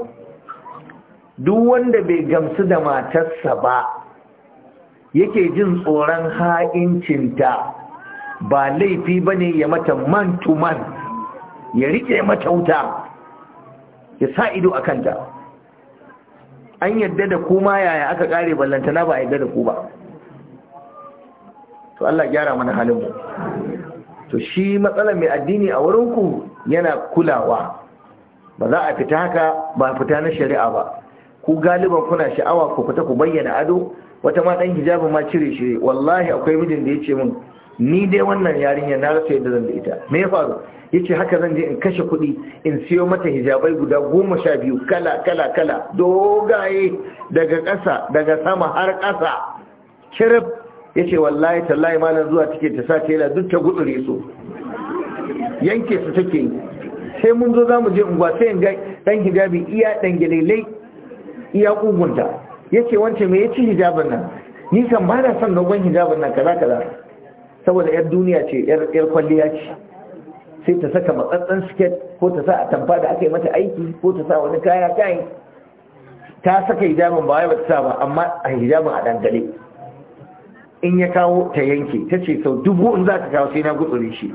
duk wanda bai gamsu da matarsa ba yake jin tsoron ha'incinta ba laifi ba ne ya mata man to man ya rike mata wuta ya sa ido a kanta an yadda da kuma yaya aka kare ballantana ba a yadda da ku ba to Allah gyara mana halin mu to shi matsalar mai addini a wurinku yana kulawa ba za a fita haka ba fita na shari'a ba ku galiban kuna sha'awa ku fita ku bayyana ado wata ma dan hijabin ma cire shi wallahi akwai mijin da yace min ni dai wannan yarinya na rasa yadda zan da ita me ya faru yace haka zan je in kashe kuɗi in siyo mata hijabai guda goma sha biyu kala kala kala dogaye daga kasa daga sama har kasa. kirif yace wallahi tallahi malam zuwa take ta sa tela duk ta gudure su yanke su take sai mun zo zamu je unguwa sai in ga dan hijabi iya dan gelele iya kugunta yace wance me yace hijabin nan ni kan ba na son dogon hijabin nan kaza kaza saboda yar duniya ce yar yar kwalliya ce sai ta saka matsatsan siket ko ta sa a tamfa da aka yi mata aiki ko ta sa wani kaya kayan ta saka hijabin ba wai ba ta sa ba amma a hijabin a dangale in ya kawo ta yanke ta ce sau dubu in za ka kawo sai na gudure shi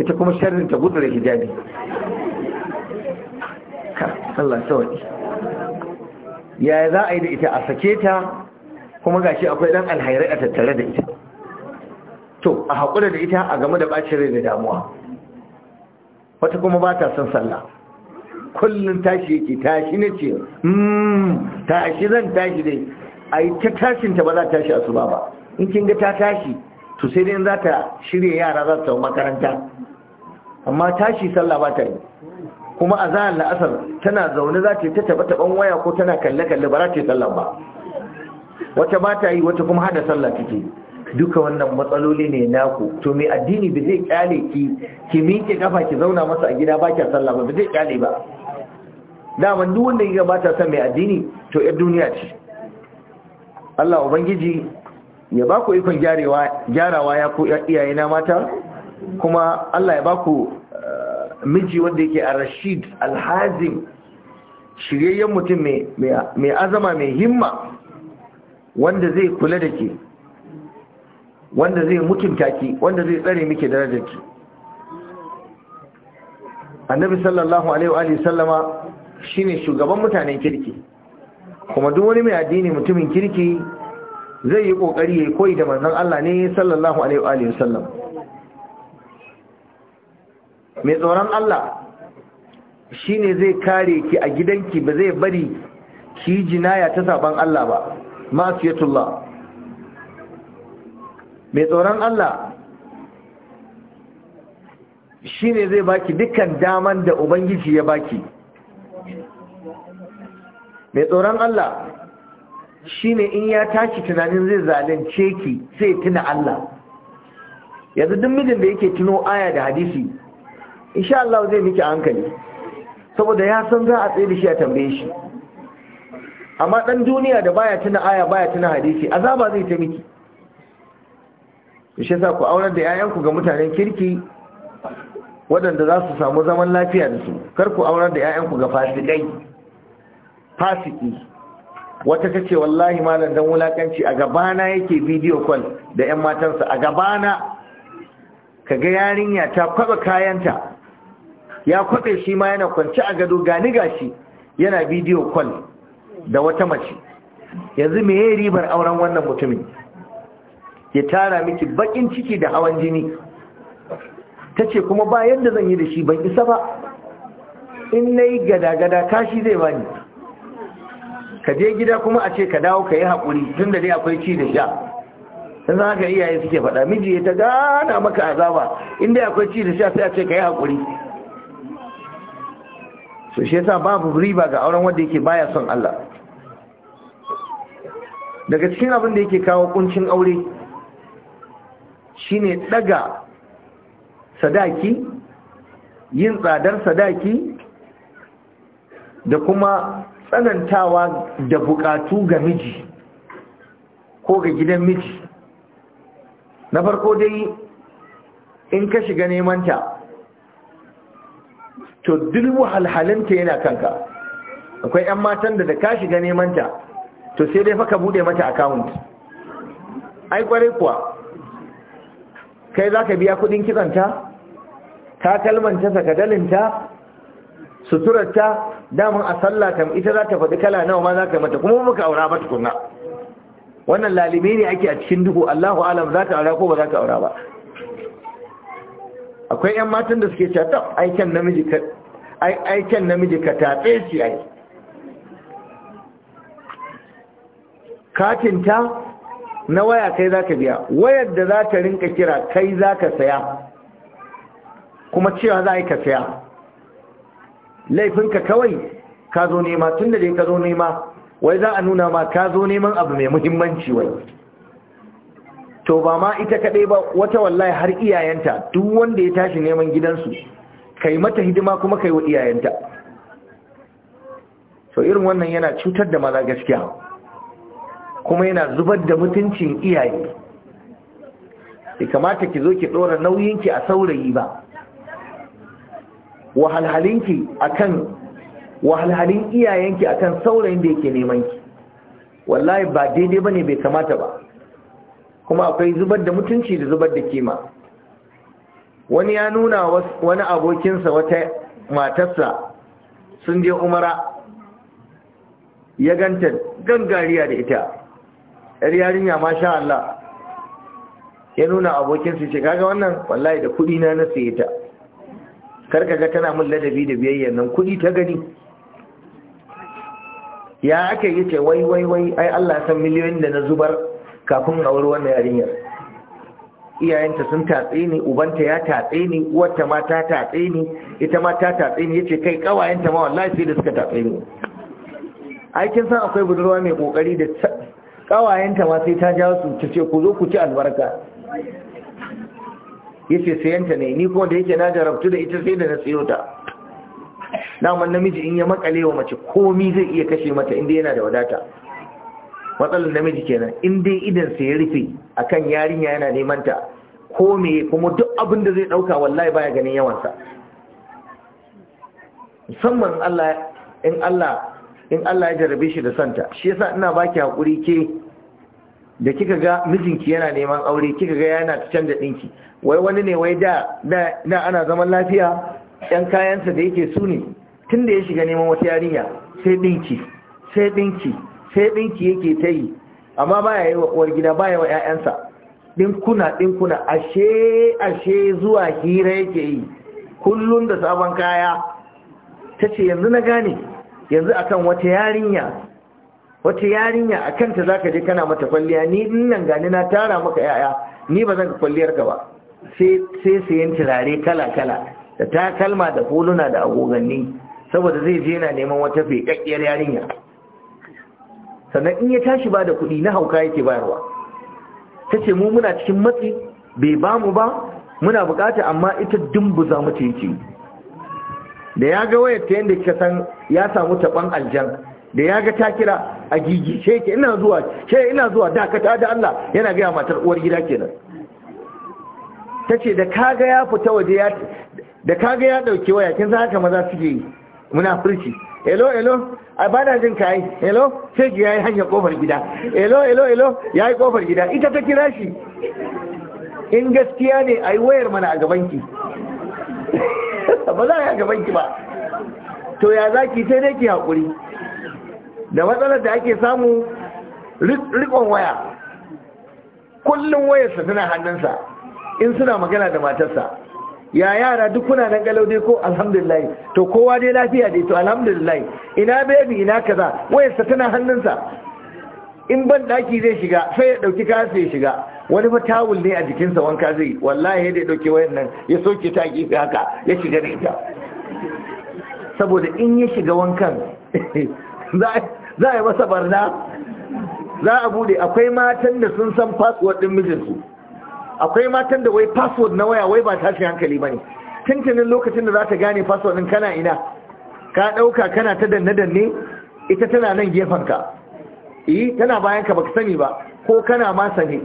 ita kuma sharrin ta gutsure hijabi ka Allah sawadi ya za a yi da ita a sake ta kuma ga shi akwai dan alhairai a tattare da ita to a haƙura da ita a game da bacin rai da damuwa wata kuma ba ta son sallah kullum tashi yake tashi na ce mmm tashi zan tashi dai a yi ta tashinta ba za ta tashi a su ba ba in kin ga ta tashi to sai dai za ta shirya yara za ta makaranta amma tashi sallah ba ta yi kuma a zahar la'asar tana zaune za ta yi ta taba-taban waya ko tana kalle-kalle ba za ta yi sallah ba wata ba ta yi wata kuma hada sallah take duka wannan matsaloli ne naku to mai addini ba zai kyale ki ki miƙe kafa ki zauna masa a gida ba kya sallah ba ba zai kyale ba daman duk wanda ya bata ta son mai addini to yar duniya ce Allah ubangiji ya ba ku ikon gyarawa ya ku iyaye na mata kuma Allah ya ba ku eh, miji wanda yake a rashid alhazi shiryayyen mutum mai azama mai himma wanda zai kula da ke wanda zai mutunta ke, wanda zai tsare muke miki darajarki annabi sallallahu alaihi wa sallama shine shugaban mutanen kirki kuma duk wani mai addini mutumin kirki zai yi kokari ya koyi da manzon Allah ne sallallahu alaihi wa sallam mai tsoron Allah shine zai kare ki a gidanki ba zai bari ki jinaya ta saban Allah ba masiyatullah mai tsoron Allah shine zai baki dukkan daman da ubangiji ya baki mai tsoron Allah shine in ya tashi tunanin zai zalunce ki sai tuna Allah yanzu duk mijin da yake tuno aya da hadisi insha Allah zai miki hankali saboda ya san za a tsaye da shi a tambaye shi amma dan duniya da baya tuna aya baya tuna hadisi azaba zai ta miki shi yasa ku aurar da 'ya'yanku ga mutanen kirki waɗanda za su samu zaman lafiya da su kar ku aurar da 'ya'yanku ga fasikai fasiki wata ta ce wallahi malam dan wulakanci a gabana yake bidiyo kwal da 'yan matansa a gabana kaga yarinya ta kwaba kayanta ya kwabe shi ma yana kwanci a gado gani gashi yana bidiyo kwal da wata mace yanzu me yayi ribar auren wannan mutumin ya tara miki bakin ciki da hawan jini tace kuma ba yadda zan yi da shi ban isa ba in nayi gada-gada kashi zai bani ka je gida kuma a ce ka dawo ka yi haƙuri tun da dai akwai ci da sha sun zan haka iyaye suke faɗa miji ya ta gana maka azaba inda akwai ci da sha sai a ce ka yi haƙuri su shi yasa babu riba ga auren wanda yake baya son Allah daga cikin abin da yake kawo kuncin aure shine ɗaga sadaki yin tsadar sadaki da kuma tsanantawa da bukatu ga miji ko ga gidan miji na farko dai in ka shiga nemanta to duk halhalinta yana kanka akwai 'yan matan da da ka shiga nemanta to sai dai faka bude mata account ai kwarai kuwa kai za ka biya kudin kitsanta kalmanta sakadalinta suturarta damar a sallah kam ita za ta faɗi kala nawa ma za ka mata kuma muka aura ba tukunna wannan lalime ne ake a cikin duhu Allahu alam za ta aura ko ba za ta aura ba akwai yan matan da suke cata aikin namiji ka tafe aikin namiji shi ai katinta na waya kai za ka biya wayar da za ta rinka kira kai za ka saya kuma cewa za a yi ka saya laifinka kawai ka zo nema tun da dai ka zo nema wai za a nuna ma ka zo neman abu mai muhimmanci wai to ba ma ita kaɗai ba wata wallahi har iyayenta duk wanda ya tashi neman gidansu kai mata hidima kuma kai wa iyayenta so irin wannan yana cutar da maza gaskiya kuma yana zubar da mutuncin iyaye ki kamata ki zo ki ɗora nauyinki a saurayi ba wahalhalinki akan wahalhalin iyayenki akan saurayin da yake neman ki wallahi ba daidai ba ne bai kamata ba kuma akwai zubar da mutunci da zubar da kima wani ya nuna wani abokinsa wata matarsa sun je umara ya ganta gangariya da ita yar yarinya masha Allah ya nuna abokinsa ce kaga wannan wallahi da kudi na na ta karka ga tana min ladabi da biyayya nan kudi ta gani ya ake yi ce wai wai wai ai Allah san miliyoyin da na zubar kafin aure wannan yarinyar iyayenta sun tatse ni ubanta ya tatse ni uwarta ma ta tatse ni ita ma ta tatse ni yace kai kawayenta ma wallahi sai da suka tatse ni ai kin san akwai budurwa mai kokari da kawayenta ma sai ta jawo su ta ce ku zo ku ci albarka yace sayanta ne ni kuma da yake na jarabtu da ita sai da na sayo ta Naman namiji in ya makale wa mace komi zai iya kashe mata inda yana da wadata matsalar namiji kenan in dai idan sa ya rufe akan yarinya yana neman ta ko kuma duk abin da zai dauka wallahi baya ganin yawan sa musamman Allah in Allah in Allah ya jarabe shi da santa shi yasa ina baki hakuri ke da kika ga mijinki yana neman aure kika ga yana ta da ɗinki wai wani ne wai da na ana zaman lafiya Yan kayansa da yake su ne tun ya shiga neman wata yarinya sai ɗinki sai ɗinki sai ɗinki yake ta yi amma baya ya yi wa gida baya ya wa 'ya'yansa ɗinkuna ɗinkuna ashe ashe zuwa hira yake yi kullum da sabon kaya tace yanzu na gane yanzu akan wata yarinya wata yarinya a kanta za ka je kana mata kwalliya ni nan gani na tara maka yaya ni ba zan ka kwalliyar ka ba sai sayan turare kala-kala da takalma da huluna da agoganni saboda zai je yana neman wata fekakkiyar yarinya sannan in ya tashi ba da kuɗi na hauka yake bayarwa ta ce mu muna cikin matsi bai ba mu ba muna bukata amma ita dumbuza mu ce da ya ga wayar ta yadda kika san ya samu taɓan aljan da ya ga ta kira a gigi she ke ina zuwa she ina zuwa dakata da Allah yana gaya matar uwar gida kenan ta ce da kaga ya fita waje ya da kaga ya dauke waya kin san haka maza suke yi muna furci hello hello ba da jin kai hello sai ki yayi hanya kofar gida hello hello hello yayi kofar gida ita ta kira shi in gaskiya ne ai wayar mana a gaban ki [laughs] ba za a yi a gaban ki ba to ya zaki sai dai ki hakuri da matsalar da ake samu rikon waya kullum wayarsa tana hannunsa in suna magana da matarsa ya yara duk kuna nan galau ko alhamdulillah to kowa dai lafiya dai to alhamdulillah ina baby ina kaza wayarsa tana hannunsa in ban daki zai shiga sai ya dauki kayan sai ya shiga wani fa tawul ne a jikinsa wanka zai wallahi dai dauki wayar nan ya soke ta gefe haka ya shiga da ita saboda in ya shiga wankan [laughs] za a yi masa barna za a bude akwai matan da sun san password din mijinsu akwai matan da wai password na waya wai ba tashi hankali ba ne. tuntunin lokacin da za ta gane password din kana ina ka dauka kana ta danne danne ita tana nan gefen e, ka eh tana bayan ka baka sani ba ko kana ma sani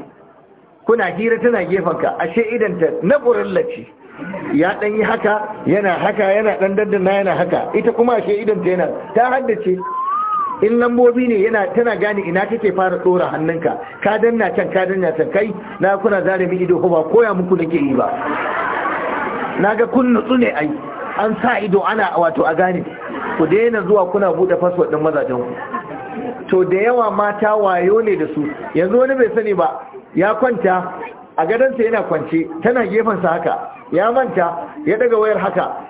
kuna hira tana gefen ka ashe idan ta na burallaci ya dan yi haka yana haka yana dan daddana yana haka ita kuma ashe idan ta yana ta haddace in lambobi ne yana tana gane ina kake fara tsora hannunka ka danna can ka danna can kai na kuna zare mi ido ba koya muku nake yi ba naga kun nutsu ne ai an sa ido ana wato a gane ku daina zuwa kuna buɗe password ɗin mazajen ku to da yawa mata wayo ne da su yanzu wani bai sani ba ya kwanta a gadonsa yana kwance tana gefensa haka ya manta ya daga wayar haka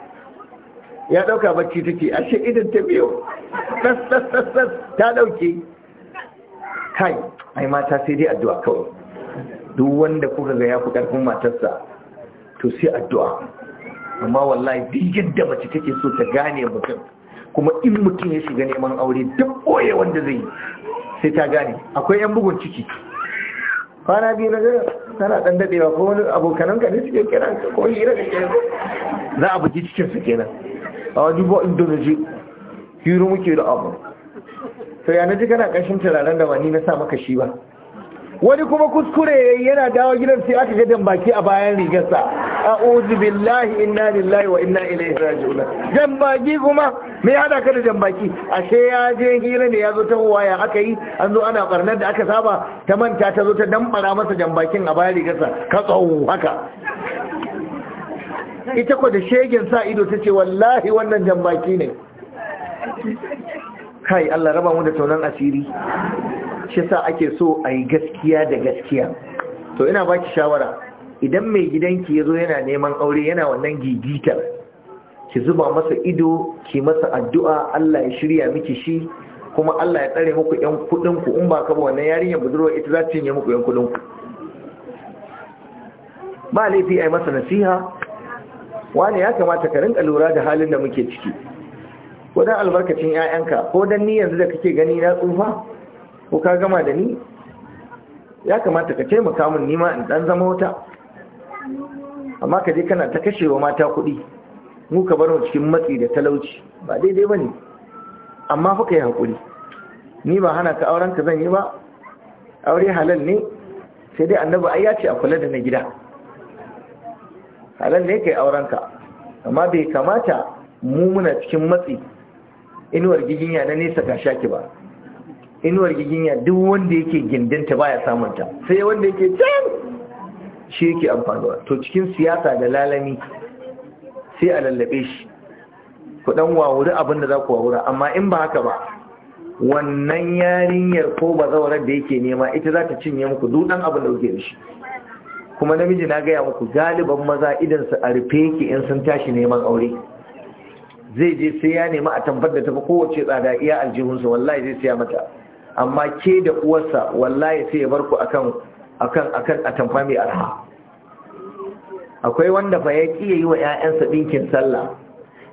ya ɗauka bacci take ashe idan ta biyo tas ta ɗauke kai ai mata sai dai addu'a kawai duk wanda kuka ga ya fi ƙarfin matarsa to sai addu'a amma wallahi duk yadda mace take so ta gane mutum kuma in mutum ya shiga neman aure duk ɓoye wanda zai sai ta gane akwai 'yan bugun ciki kwana biyu na gara tana ɗan daɗewa ko wani ka ne suke kira ko hira da kenan za a bugi su kenan a duba inda na je hiro muke da abu sai yana ji kana kashin turaren da wani na sa maka shi ba wani kuma kuskure yana dawo gidan sai aka gadan baki a bayan rigarsa a'udhu billahi inna lillahi wa inna ilaihi raji'un dan baki kuma me ya hada ka da dan baki ashe ya je hira ne ya zo ta waya aka yi an zo ana barnar da aka saba ta manta ta zo ta damɓara masa dan bakin a bayan rigarsa ka tsawo haka ita ko da shegen sa ido ta ce wallahi wannan jambaki ne kai Allah raba mu da taunan asiri shi sa ake so a yi gaskiya da gaskiya to ina baki shawara idan mai gidanki ya zo yana neman aure yana wannan gigita. ki zuba masa ido ki masa addu'a Allah ya shirya miki shi kuma Allah ya tsare muku ƴan kudin ku in ba ka ba wannan yarinyar budurwa ita za ta cinye muku ƴan kudin ba laifi ai masa nasiha wani ya kamata ka rinka lura da halin da muke ciki ko dan albarkacin 'ya'yanka ko dan ni yanzu da kake gani na tsufa ko ka gama da ni ya kamata ka taimaka min nima in dan zama wata amma ka je kana ta kashewa mata kuɗi mu ka bar mu cikin matsi da talauci ba daidai bane amma fa kai hakuri ni ba hana ka auren ka zan yi ba aure halal ne sai dai annabi ai ce a kula da na gida halal ne kai aurenka amma bai kamata mu muna cikin matsi inuwar giginya na nesa ka shaki ba inuwar giginya duk wanda yake gindinta baya samunta sai wanda yake can shi yake amfanuwa to cikin siyasa da lalami sai a lallabe shi ku dan wawuri abin da za ku wawura amma in ba haka ba wannan yarinyar ko ba zaurar da yake nema ita za ta cinye muku dudan abin da kuke da shi kuma namiji na gaya muku galiban maza idan su a rufe yake in sun tashi neman aure zai je sai ya nemi a tambar da tafi kowace tsada iya aljihunsa wallahi zai siya mata amma ke da uwarsa wallahi sai ya bar ku akan akan a tamfa mai arha akwai wanda fa ya kiyaye yi wa ƴaƴansa dinkin sallah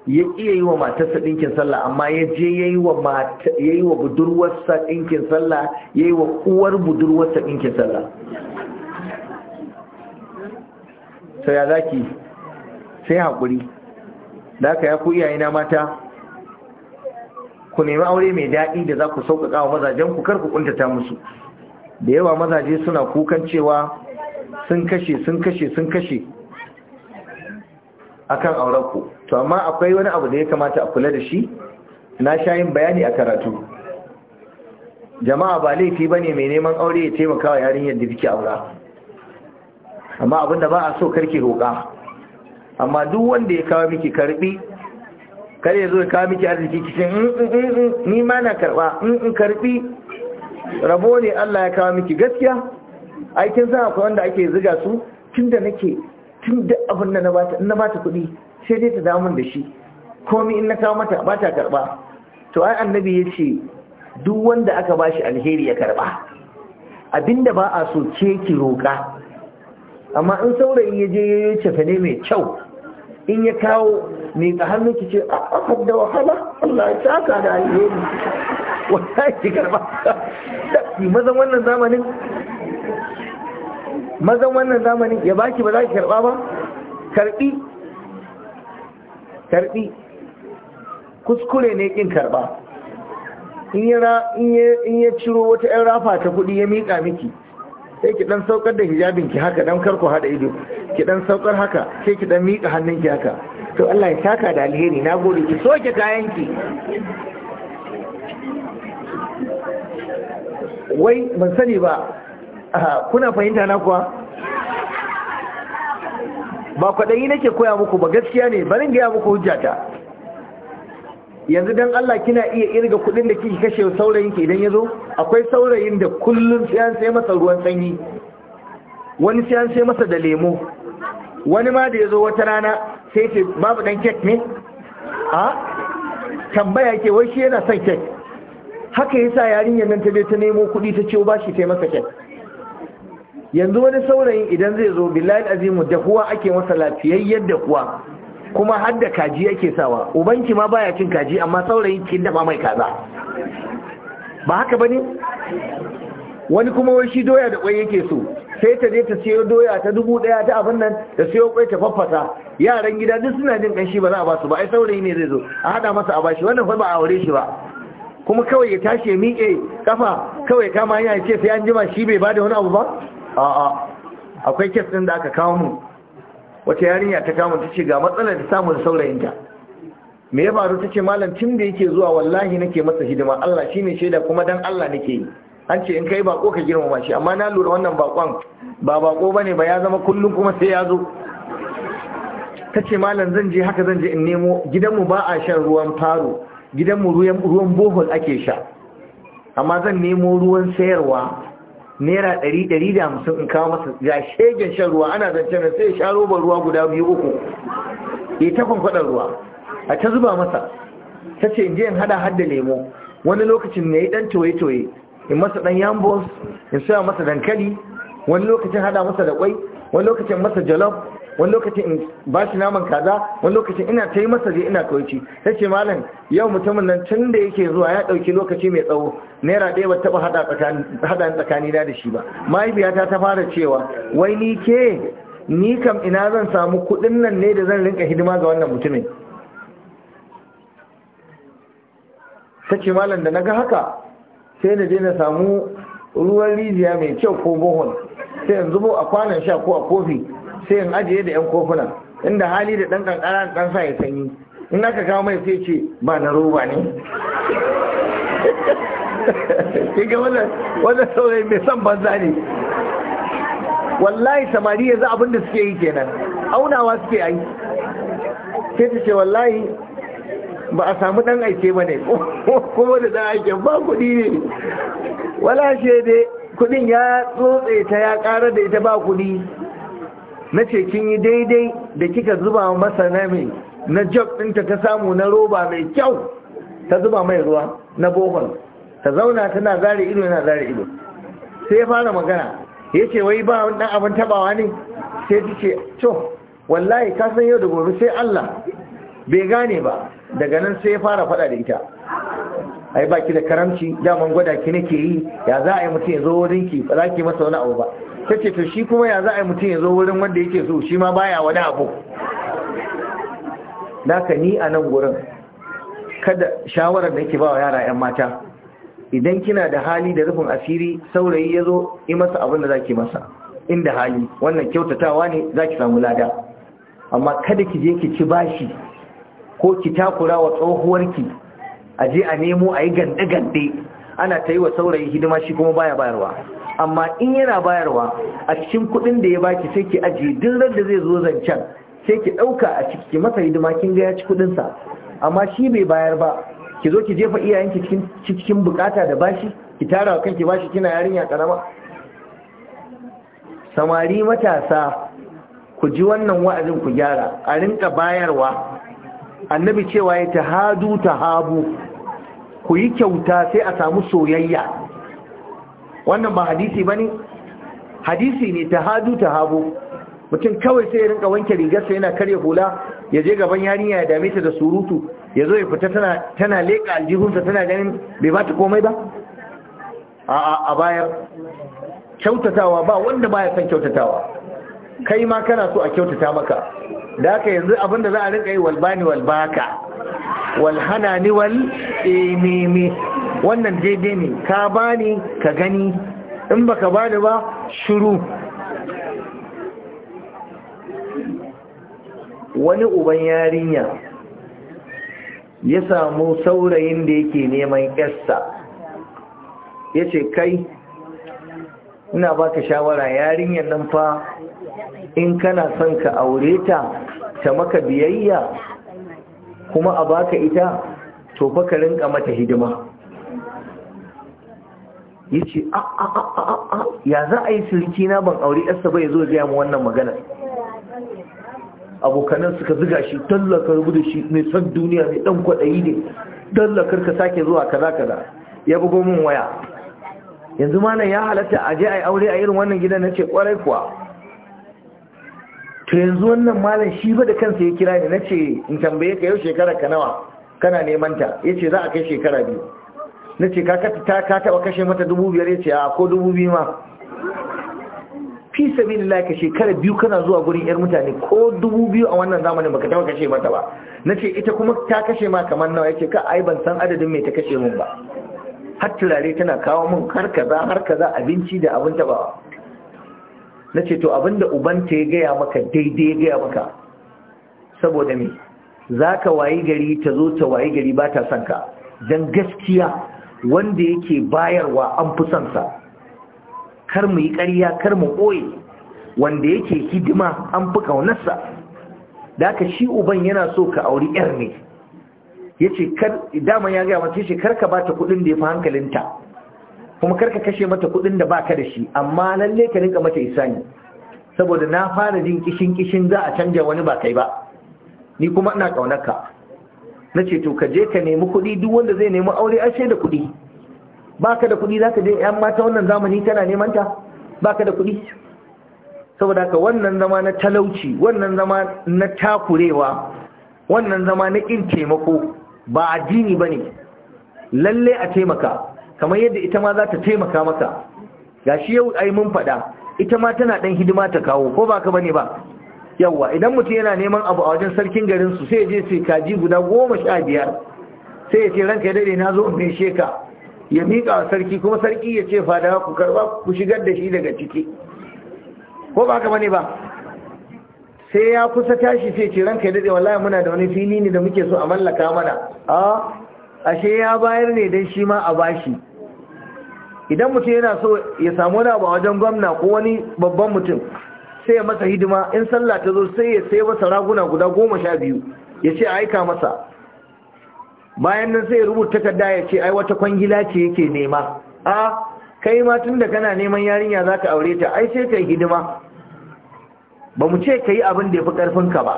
ya kiyaye yi wa matarsa dinkin sallah amma ya je yayi wa wa budurwarsa dinkin sallah yayi wa uwar budurwarsa dinkin sallah Saya ya ki. sai haƙuri da aka ya ku iyayena mata ku nemi aure mai daɗi da za ku sauƙaƙa wa mazajen ku kar ƙuntata musu da yawa mazaje suna kukan cewa sun kashe sun kashe sun kashe akan aurenku to amma akwai wani abu da ya kamata a kula da shi na sha yin bayani a karatu jama'a ba laifi ba ne mai neman aure ya taimaka wa yarinyar da kike aura amma abinda ba a so karki roƙa amma duk wanda ya kawo miki karbi kare ya zo ya kawo miki arziki kishin mm, mm, mm, ni ma na karba in karbi rabo ne Allah ya kawo miki gaskiya aikin san akwai wanda ake ziga su tun nake tun abin da na bata kuɗi sai dai ta mun da shi komai in na kawo mata ba ta karba to ai annabi yace duk wanda aka bashi alheri ya karba abinda ba a so ke ki roƙa amma in saurayi ya je ya yi ne mai kyau in ya kawo mai ka hannun ki ce a ah, ƙafar ah, da wahala Allah ya saka da alheri wata ki karba ki mazan wannan zamanin mazan wannan zamanin ya baki ba za ki karba ba karbi karbi kuskure ne kin karba in ya ciro wata 'yan rafa ta kuɗi ya miƙa miki sai ki dan saukar da hijabin ki haka dan karku hada ido ki dan saukar haka sai ki dan miƙa hannun ki haka to Allah ya saka da alheri na gode ki soke kayan ki wai ban sani ba ah, kuna fahimta na kuwa ba kwaɗayi nake koya muku ba gaskiya ne barin gaya muku hujjata yanzu dan Allah kina iya irga kuɗin da kike kashe saurayin ki idan yazo akwai saurayin da kullum siyan sai masa ruwan sanyi wani siyan sai masa da lemo wani ma da yazo wata rana sai ce babu dan cake ne a tambaya ke wai shi yana son kek." haka yasa yarinyar nan ta je ta nemo kuɗi ta ce bashi sai masa cake yanzu wani saurayin idan zai zo billahi azimu da kuwa ake masa lafiyayyen da kuwa kuma har da kaji yake sawa ubanki ma baya cin kaji amma saurayin kin dafa mai kaza ba haka bane wani kuma wai shi doya da kwai yake so sai ta je ta siyo doya ta dubu daya ta abin nan da siyo kwai ta faffasa yaran gida duk suna jin kanshi ba za a ba su ba ai saurayi ne zai zo a hada masa a bashi wannan fa ba a aure shi ba kuma kawai ya tashi ya miƙe kafa kawai kama hanya ya ce sai an jima shi bai bada wani abu ba a'a akwai kes din da aka kawo mu wata yarinya ta kama ta ce ga matsalar da samun saurayinta me ya faru ta ce malam tun da yake zuwa wallahi nake masa hidima Allah shi ne shaida kuma dan Allah nake yi an ce in kai bako ka girmama shi amma na lura wannan bakon ba bako bane ba ya zama kullum kuma sai ya zo ta ce malam zan je haka zan je in nemo gidanmu ba a shan ruwan faro gidanmu ruwan bohol ake sha amma zan nemo ruwan sayarwa naira ɗari ɗari da hamsin in kawo masa ya shegen shan ruwa ana zance na sai ya sha robar ruwa guda biyu uku ya ta kwankwaɗar ruwa a ta zuba masa ta ce in je in haɗa hadda lemo wani lokacin na yi ɗan toye-toye in masa ɗan yambos in sa masa dankali wani lokacin haɗa masa da ƙwai wani lokacin masa jalof wani lokacin in ba shi naman kaza wani lokacin ina ta yi masa je ina kauci ta ce malam yau mutumin nan tun da yake zuwa ya ɗauki lokaci mai tsawo naira ɗaya ba taɓa haɗa tsakani da shi ba mahaifiyata ta fara cewa wai ni ke ni kam ina zan samu kuɗin nan ne da zan rinka hidima ga wannan mutumin ta ce malam da na ga haka sai na je na samu ruwan rijiya mai kyau ko bohol sai yanzu a kwanan sha ko a kofi sai in ajiye da yan kofuna inda hali da ɗan ƙanƙara da sa ya sanyi in aka kawo mai sai ce ba na roba ne kiga [laughs] wannan saurayi mai son banza ne wallahi samari yanzu abin da suke yi kenan aunawa suke yi sai ta ce wallahi ba a samu dan aike ba ne [laughs] kuma da ɗan aike ba kudi ne wala shi dai kudin ya tsotse ta ya ƙara da ita ba kudi na ce kin yi daidai da kika zuba masa na mai na jog ɗinta ta samu na roba mai kyau ta zuba mai ruwa na bohol ta zauna tana zare ido yana zare ido sai ya fara magana ya ce wai ba wani abin tabawa ne sai ta ce to wallahi ka san yau da gobe sai Allah bai gane ba daga nan sai ya fara faɗa da ita ai baki da karamci daman gwada ki nake yi ya za a yi mutum ya zo wurin ki ba za ki masa wani abu ba ta ce to shi kuma ya za a yi mutum ya zo wurin wanda yake so shi ma baya wani abu naka ni a nan gurin kada shawarar da yake ba wa yara 'yan mata idan kina da hali da rufin asiri saurayi ya zo yi masa abin da za ki masa inda hali wannan kyautatawa ne za ki samu lada amma kada ki je ki ci bashi ko ki takura wa tsohuwarki a je a nemo a yi gande-gande ana ta yi wa saurayi hidima shi kuma baya bayarwa amma in yana bayarwa a cikin kuɗin da ya baki sai ki ajiye duk da zai zo zancen sai ki ɗauka a ciki ki masa hidima kin ga ya ci kuɗinsa amma shi bai bayar ba ki zo ki jefa iyayenki cikin bukata da bashi ki tara wa kanki bashi kina yarinya karama samari matasa ku ji wannan wa'azin ku gyara a rinka bayarwa annabi cewa ya tahadu tahabu ku yi kyauta sai a samu soyayya wannan ba hadisi ba ne hadisi ne ta hadu ta habu mutum kawai sai ya rinka wanke rigarsa yana karya hula ya je gaban yarinya ya dame ta da surutu ya zo ya fita tana leƙa aljihunsa tana ganin bai ba ta komai ba a bayar kyautatawa ba wanda ba ya san kyautatawa kai ma kana so a kyautata maka da haka yanzu abin da za a rinka yi ka walhana ni wal imimi wannan daidai ne ka bani ka gani in baka bani ba shiru wani uban yarinya ya samu saurayin da yake neman 'yarsa, ya ce kai ina ba ka shawara yarinyar nan fa in kana son ka aure ta ta maka biyayya kuma a baka ita to fa ka rinka mata hidima ya ce ah, ah, ah, ya za a yi sirki na ban aure yarsa ba ya zo gaya mu wannan magana abokanan suka ziga shi tallaka rubuta shi mai son duniya mai dan kwaɗayi ne tallakar ka sake zuwa kaza kaza ya bugo min waya yanzu nan ya halatta a je a yi aure a irin wannan gidan na ce kwarai kuwa to yanzu wannan malam shi ba da kansa ya kira ni na ce in tambaye ka yau shekara ka nawa kana neman ta ya ce za a kai shekara biyu na ce ka taba kashe mata dubu biyar ya ce a ko dubu biyu ma fi sami da ka shekara biyu kana zuwa gurin yar mutane ko dubu biyu a wannan zamanin baka taba kashe mata ba na ce ita kuma ta kashe ma kamar nawa ya ce ka ai ban san adadin mai ta kashe mun ba har turare tana kawo mun har kaza har kaza abinci da abin tabawa na ce to abinda ubanta ya gaya maka daidai ya gaya maka saboda me za ka wayi gari ta zo ta wayi gari ba ta son ka don gaskiya wanda yake bayarwa an fi son kar mu yi ƙarya kar mu ɓoye wanda yake hidima an fi kaunarsa da aka shi uban yana so ka auri yar ne ya ce dama ya gaya mace ce karka ba ta kudin da ya fi hankalinta kuma karka kashe mata kuɗin da ba ka da shi amma lalle ka rinka mata isani saboda na fara jin kishin kishin za a canja wani ba kai ba ni kuma ina ƙaunarka. na ce to ka je ka nemi kuɗi duk wanda zai nemi aure ashe da kuɗi Ba ka da kuɗi za ka je yan mata wannan zamani tana neman ta ka da kuɗi saboda ka, wannan zama na talauci wannan zama na takurewa wannan zama na ƙin taimako ba addini ne. lalle a taimaka kamar yadda ita ma za ta taimaka maka shi yau ai mun faɗa ita ma tana ɗan hidima ta kawo ko ba ka bane ba yawa idan mutum yana neman abu a wajen sarkin garin su sai je sai kaji guda goma sha biyar sai ya ce ranka ya dade na zo mai sheka ya miƙa wa sarki kuma sarki ya ce fada ku karba ku shigar da shi daga ciki ko ba ka bane ba sai ya kusa tashi sai ce ranka ya dade wallahi muna da wani fili ne da muke so a mallaka mana a ashe ya bayar ne dan shi ma a bashi idan mutum yana so ya samu wani abu a wajen gwamna ko wani babban mutum sai ya masa hidima in sallah ta zo sai ya sai masa raguna guda goma sha biyu ya ce aika masa bayan nan sai ya rubuta takarda ya ce ai wata kwangila ce yake nema a kai ma tun da kana neman yarinya za ka aure ta ai sai ka yi hidima ba mu ce ka yi abin da ya fi ƙarfinka ba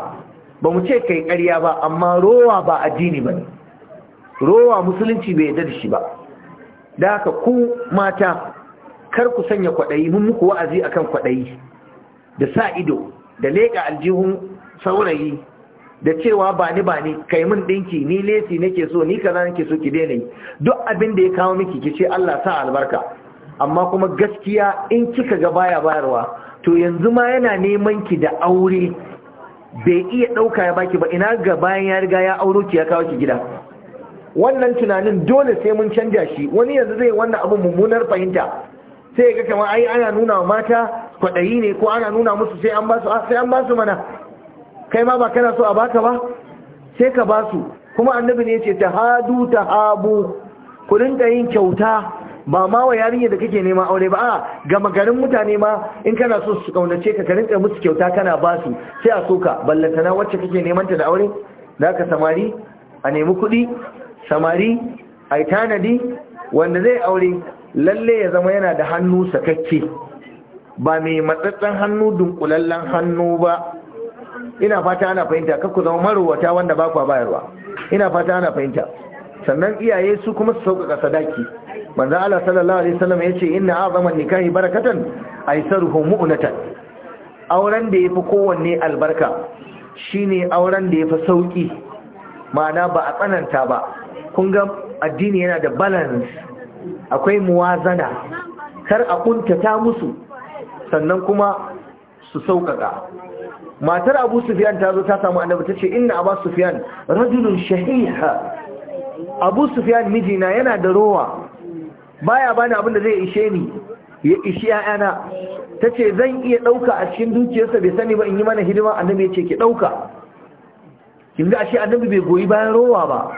ba mu ce ka yi ƙarya ba amma rowa ba addini ba ne rowa musulunci bai yarda da shi ba da haka ku mata kar ku sanya kwaɗayi mun muku wa'azi akan kwaɗayi da sa ido da leƙa aljihun saurayi da cewa ba ni ba ni kai mun dinki ni lesi nake so ni kaza nake so ki daina yi duk abin da ya kawo miki ki ce Allah sa albarka amma kuma gaskiya in kika ga baya bayarwa to yanzu ma yana neman ki da aure bai iya dauka ya baki ba ina ga bayan ya riga ya auro ki ya kawo ki gida wannan tunanin dole sai mun canja shi wani yanzu zai wannan abin mummunar fahimta sai ga kamar ai ana nuna mata kwaɗayi ne ko ana nuna musu sai an basu ah, sai an basu mana kai ma ba kana so a baka ba sai ka basu kuma annabi ne yace tahadu tahabu ku rinka yin kyauta ba ma wa yarinya da kake nema aure ba a gama garin mutane ma in kana so su kaunace ka ka rinka musu kyauta kana basu sai a soka na wacce kake neman ta da aure da ka samari a nemi kuɗi samari a tanadi wanda zai aure lalle ya zama yana da hannu sakakke ba mai matsatsen hannu dunkulallen hannu ba ina fata ana fahimta kakku zama marowata wanda ba kwa bayarwa ina fata ana fahimta sannan iyaye su kuma su sauƙaƙa sadaki manzo Allah sallallahu alaihi wasallam yace inna a'zama nikahi barakatan aisaruhu mu'natan auren da yafi kowanne albarka shine auren da yafi sauki ma'ana ba a tsananta ba kun ga addini yana da balance akwai muwazana kar a ta musu sannan kuma su sauƙaƙa matar abu sufiyan ta zo ta samu annabi ta ce inna abu sufiyan rajulun shahiha abu sufiyan mijina yana da rowa baya bani abin da zai ishe ni ya ishi ‘ya'yana ta ce zan iya ɗauka a cikin dukiyarsa bai sani ba in yi mana hidima annabi ya ce ki ɗauka kin ga ashe annabi bai goyi bayan rowa ba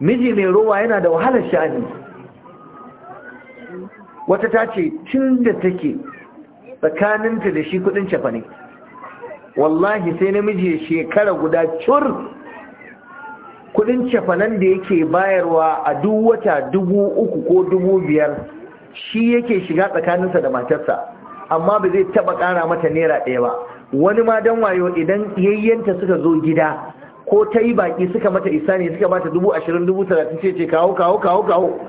miji mai rowa yana da wahalar sha'ani wata ta ce tun da take tsakaninta da shi kudin cefa ne wallahi sai namiji ya shekara guda cur kudin nan da yake bayarwa a duk wata dubu uku ko dubu biyar shi yake shiga tsakaninsa da matarsa amma ba zai taba kara mata naira ɗaya ba wani ma dan wayo idan yayyanta suka zo gida ko ta yi baki suka mata isa ne suka bata dubu ashirin dubu talatin ce ce kawo kawo kawo kawo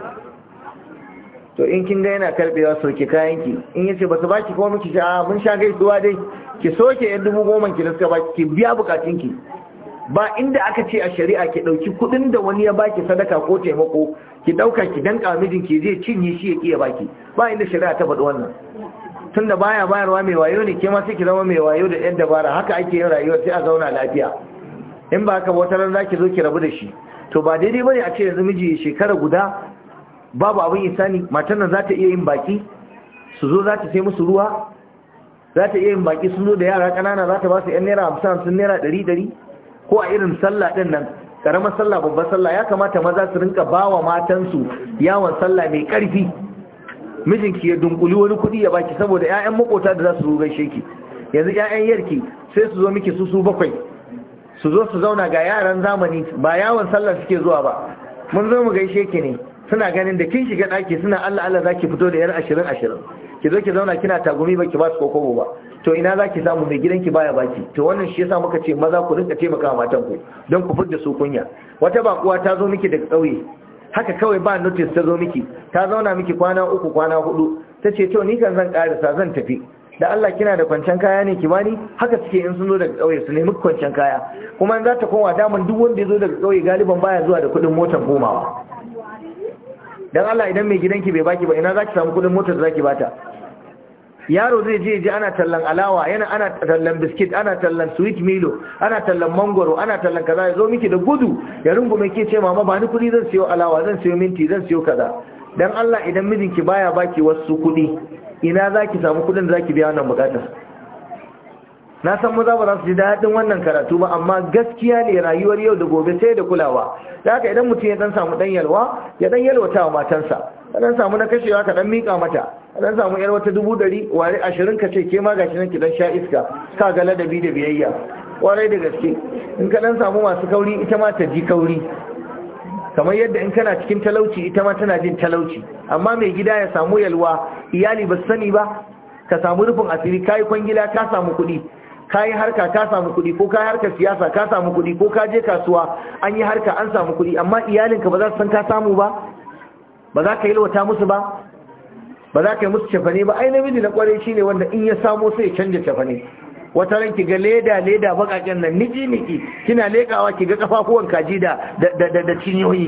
to in kin ga yana karbewa soke kayan ki in yace ba su baki ko miki sha ah, mun sha duwa dai ki soke yan dubu goma ki da suka baki ki biya bukatun ki ba inda aka ce a shari'a ki dauki kudin da wani ya baki sadaka ko taimako ki dauka ki danka mijin ki zai cinye shi ya kiya baki ba inda shari'a ta faɗi wannan tunda baya bayarwa mai wayo ne ke ma sai ki zama mai wayo da yan dabara haka ake yin rayuwa sai a zauna lafiya in ba haka wata ran zaki zo ki rabu da shi to ba daidai bane a ce yanzu miji shekara guda babu abin ne matan nan za ta iya yin baki su zo za ta sai musu ruwa za ta iya yin baki sun zo da yara kanana za ta ba su 'yan naira hamsin hamsin naira dari dari? ko a irin sallah din nan ƙaramar sallah babbar sallah ya kamata maza su rinka ba wa matansu yawon sallah mai karfi mijinki ya dunkuli wani kuɗi ya baki saboda 'ya'yan makota da za su zo gaishe ki yanzu 'ya'yan yarki sai su zo miki su su bakwai su zo su zauna ga yaran zamani ba yawon sallah suke zuwa ba mun zo mu gaishe ki ne suna ganin da kin shiga ɗaki suna Allah Allah zaki fito da yar ashirin ashirin ki zo ki zauna kina tagumi ba ki ba su kokobo ba to ina zaki samu mai gidanki baya baki to wannan shi yasa muka ce maza ku rinka taimaka matan ku don ku fudda su kunya wata bakuwa ta zo miki daga ƙauye haka kawai ba notice ta zo miki ta zauna miki kwana uku kwana hudu ta ce to ni kan zan karasa zan tafi da Allah kina da kwancen kaya ne ki bani haka suke in sun zo daga kauye su nemi kwancen kaya kuma in za ta koma daman duk wanda ya zo daga kauye galiban baya zuwa da kuɗin motar komawa dan Allah idan mai gidanki bai baki ba ina zaki samu kudin motar da zaki bata yaro zai je je ana tallan alawa yana ana tallan biskit ana tallan sweet milo ana tallan mangoro ana tallan kaza ya zo miki da gudu ya mai ke ce mama ba ni kudi zan siyo alawa zan siyo minti zan siyo kaza dan Allah idan mijinki baya baki wasu kudi ina zaki samu kudin da zaki biya wannan bukatar na san maza ba za su ji daɗin wannan karatu ba amma gaskiya ne rayuwar yau da gobe sai da kulawa da haka idan mutum ya dan samu dan yalwa ya dan yalwata wa matansa ya dan samu na kashewa ka dan mika mata ya dan samu yar wata dubu ɗari ware ashirin ka ce ke ma gashi nan ki dan sha iska ka ga ladabi da biyayya kwarai da gaske in ka dan samu masu kauri ita ma ta ji kauri kamar yadda in kana cikin talauci ita ma tana jin talauci amma mai gida ya samu yalwa iyali ba sani ba ka samu rufin asiri kayi kwangila ka samu kuɗi ka yi harka ka samu kuɗi ko ka yi harka siyasa ka samu kuɗi ko ka je kasuwa an yi harka an samu kuɗi amma iyalinka ba za su san ka samu ba ba za ka yi lawata musu ba ba za ka yi musu cefane ba ai namiji na kwarai ne wanda in ya samo sai ya canja cefane wata ran ki ga leda leda bakaken nan niki niki kina lekawa kiga ga kafafuwan kaji da da da cinyoyi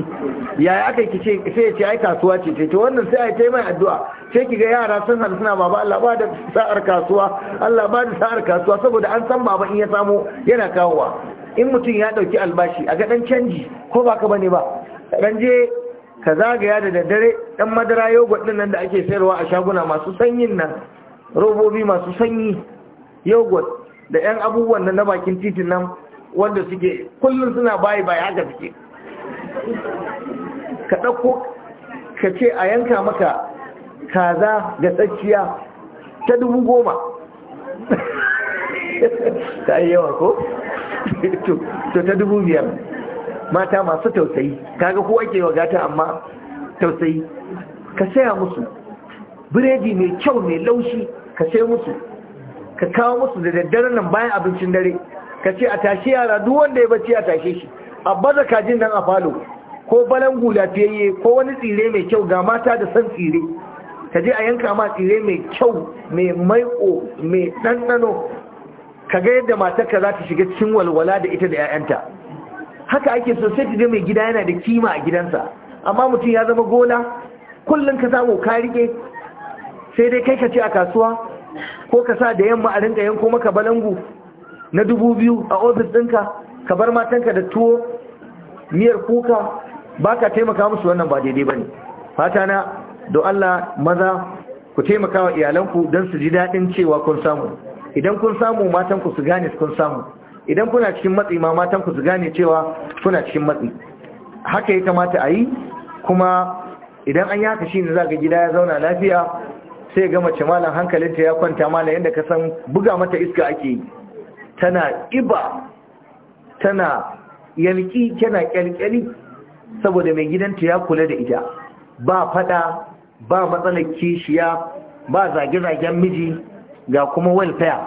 yaya aka ki ce sai ce ai kasuwa ce to wannan sai ai tai mai addu'a sai ki ga yara sun hal suna baba Allah ba da sa'ar kasuwa Allah ba da sa'ar kasuwa saboda an san baba in ya samu yana kawowa in mutum ya dauki albashi a ga dan canji ko baka bane ba dan je ka zagaya da daddare dan madara yogurt din nan da ake sayarwa a shaguna masu sanyin nan robobi masu sanyi yogurt da yan abubuwan nan na bakin titin nan wanda suke kullum suna bayi bayi haka suke ka ɗauko ka ce a yanka maka kaza ga tsakiya ta dubu goma [laughs] ta yi yawa ko? [laughs] to ta dubu biyar mata masu tausayi kaga ko ake wa gata amma tausayi ka saya musu biredi mai kyau mai laushi ka saya musu ka kawo musu da daddare nan bayan abincin dare ka ce a tashi yara duk wanda ya bacci a tashe shi a baza kajin nan a falo ko balangu lafiyayye ko wani tsire mai kyau ga mata da san tsire ka je a yanka ma tsire mai kyau mai maiko mai ɗanɗano ka ga yadda matarka za ta shiga cikin walwala da ita da 'ya'yanta haka ake so sai ta je mai gida yana da kima a gidansa amma mutum ya zama gona. kullum ka samu ka rike sai dai kai ka ce a kasuwa ko ka sa da yamma a rinka yanko maka balangu na dubu biyu a ofis ɗinka ka bar matanka da tuwo miyar kuka ba ka taimaka musu wannan ba daidai ba ne fata na don Allah maza ku taimaka wa iyalanku don su ji daɗin cewa kun samu idan kun samu matanku su gane kun samu idan kuna cikin matsi ma matanku su gane cewa kuna cikin matsi haka ya kamata a yi kuma idan an yi haka shi ne za ga gida ya zauna lafiya sai ga mace malam hankalinta ya kwanta malam yadda ka san buga mata iska ake yi tana iba tana yalki tana kyalkyali saboda mai gidanta ya kula da ita ba fada ba matsalar kishiya ba zage-zagen miji ga kuma welfare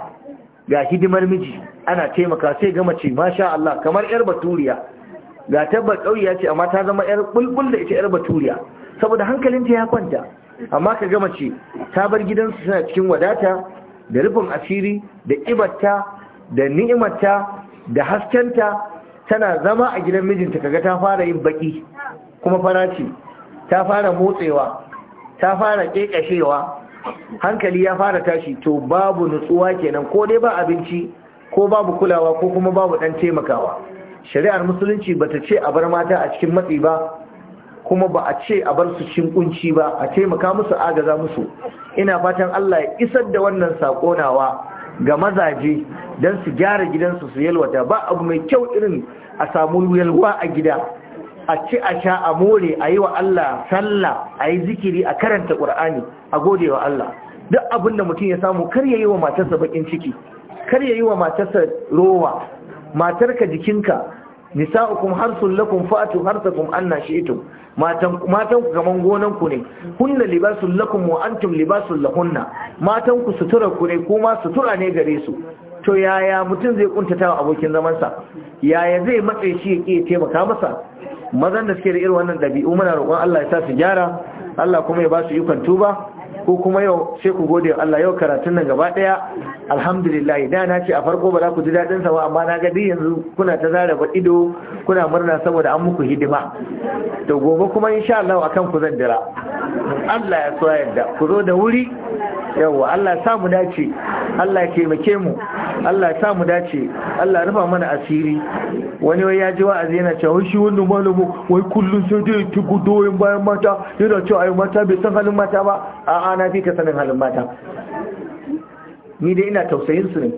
ga hidimar miji ana taimaka sai ga mace masha Allah kamar yar baturiya ga tabbar kauya ce amma ta zama yar bulbul da ita yar baturiya saboda hankalinta ya kwanta amma ka gama ce ta bar gidansu suna cikin wadata da rufin asiri da ibarta da ni'imarta da haskenta tana zama a gidan mijinta kaga ta fara yin baki kuma faraci ta fara motsewa ta fara kekashewa hankali ya fara tashi to babu nutsuwa kenan ko dai ba abinci ko babu kulawa ko kuma babu dan taimakawa shari'ar musulunci bata ce a bar mata a cikin matsi ba kuma ba a ce a bar su cin kunci ba a taimaka musu agaza musu ina fatan Allah ya isar da wannan sako ga mazaje don su gyara gidansu su yalwata ba abu mai kyau irin a samu yalwa a gida a ci a sha a more a yi wa Allah sallah a yi zikiri a karanta ƙur'ani a gode wa Allah duk abin da mutum ya samu kar ya yi wa matarsa bakin ciki kar ya yi wa matarsa rowa matarka jikinka nisa'ukum harsun lakum fa'atu harsakum anna shi'tum matan ku gaman gonan ku ne kunna libasul lakum wa antum libasul lahunna matan ku sutura ku ne kuma sutura ne gare su to yaya mutum zai kuntata wa abokin zamansa yaya zai matsayi shi ya taimaka masa mazan da suke da irin wannan dabi'u muna roƙon Allah ya sa su gyara Allah kuma ya ba su ikon tuba ko kuma yau sai ku gode Allah yau karatun nan gaba daya alhamdulillah da na ce a farko ba za ku ji dadin sa ba amma na ga yanzu kuna ta zara ba ido kuna murna saboda an muku hidima to gobe kuma insha Allah akan ku zan dira Allah ya so yadda ku zo da wuri yawa Allah ya samu dace Allah ya taimake mu Allah ya samu dace Allah ya rufa mana asiri wani wai ya ji wa'azi yana cewa shi wannan malamu wai kullun sai dai ta gudoyin bayan mata yana cewa ai mata bai san halin mata ba a'a na fi ka sanin halin mata ni dai ina tausayin su ne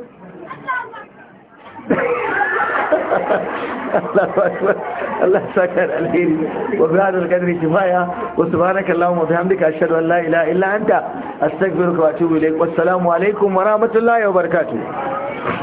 Allah saka da alheri wa bi hadal qadri kifaya wa subhanaka allahumma wa bihamdika ashhadu an la ilaha illa anta astaghfiruka wa atubu ilaik wassalamu alaikum wa rahmatullahi wa barakatuh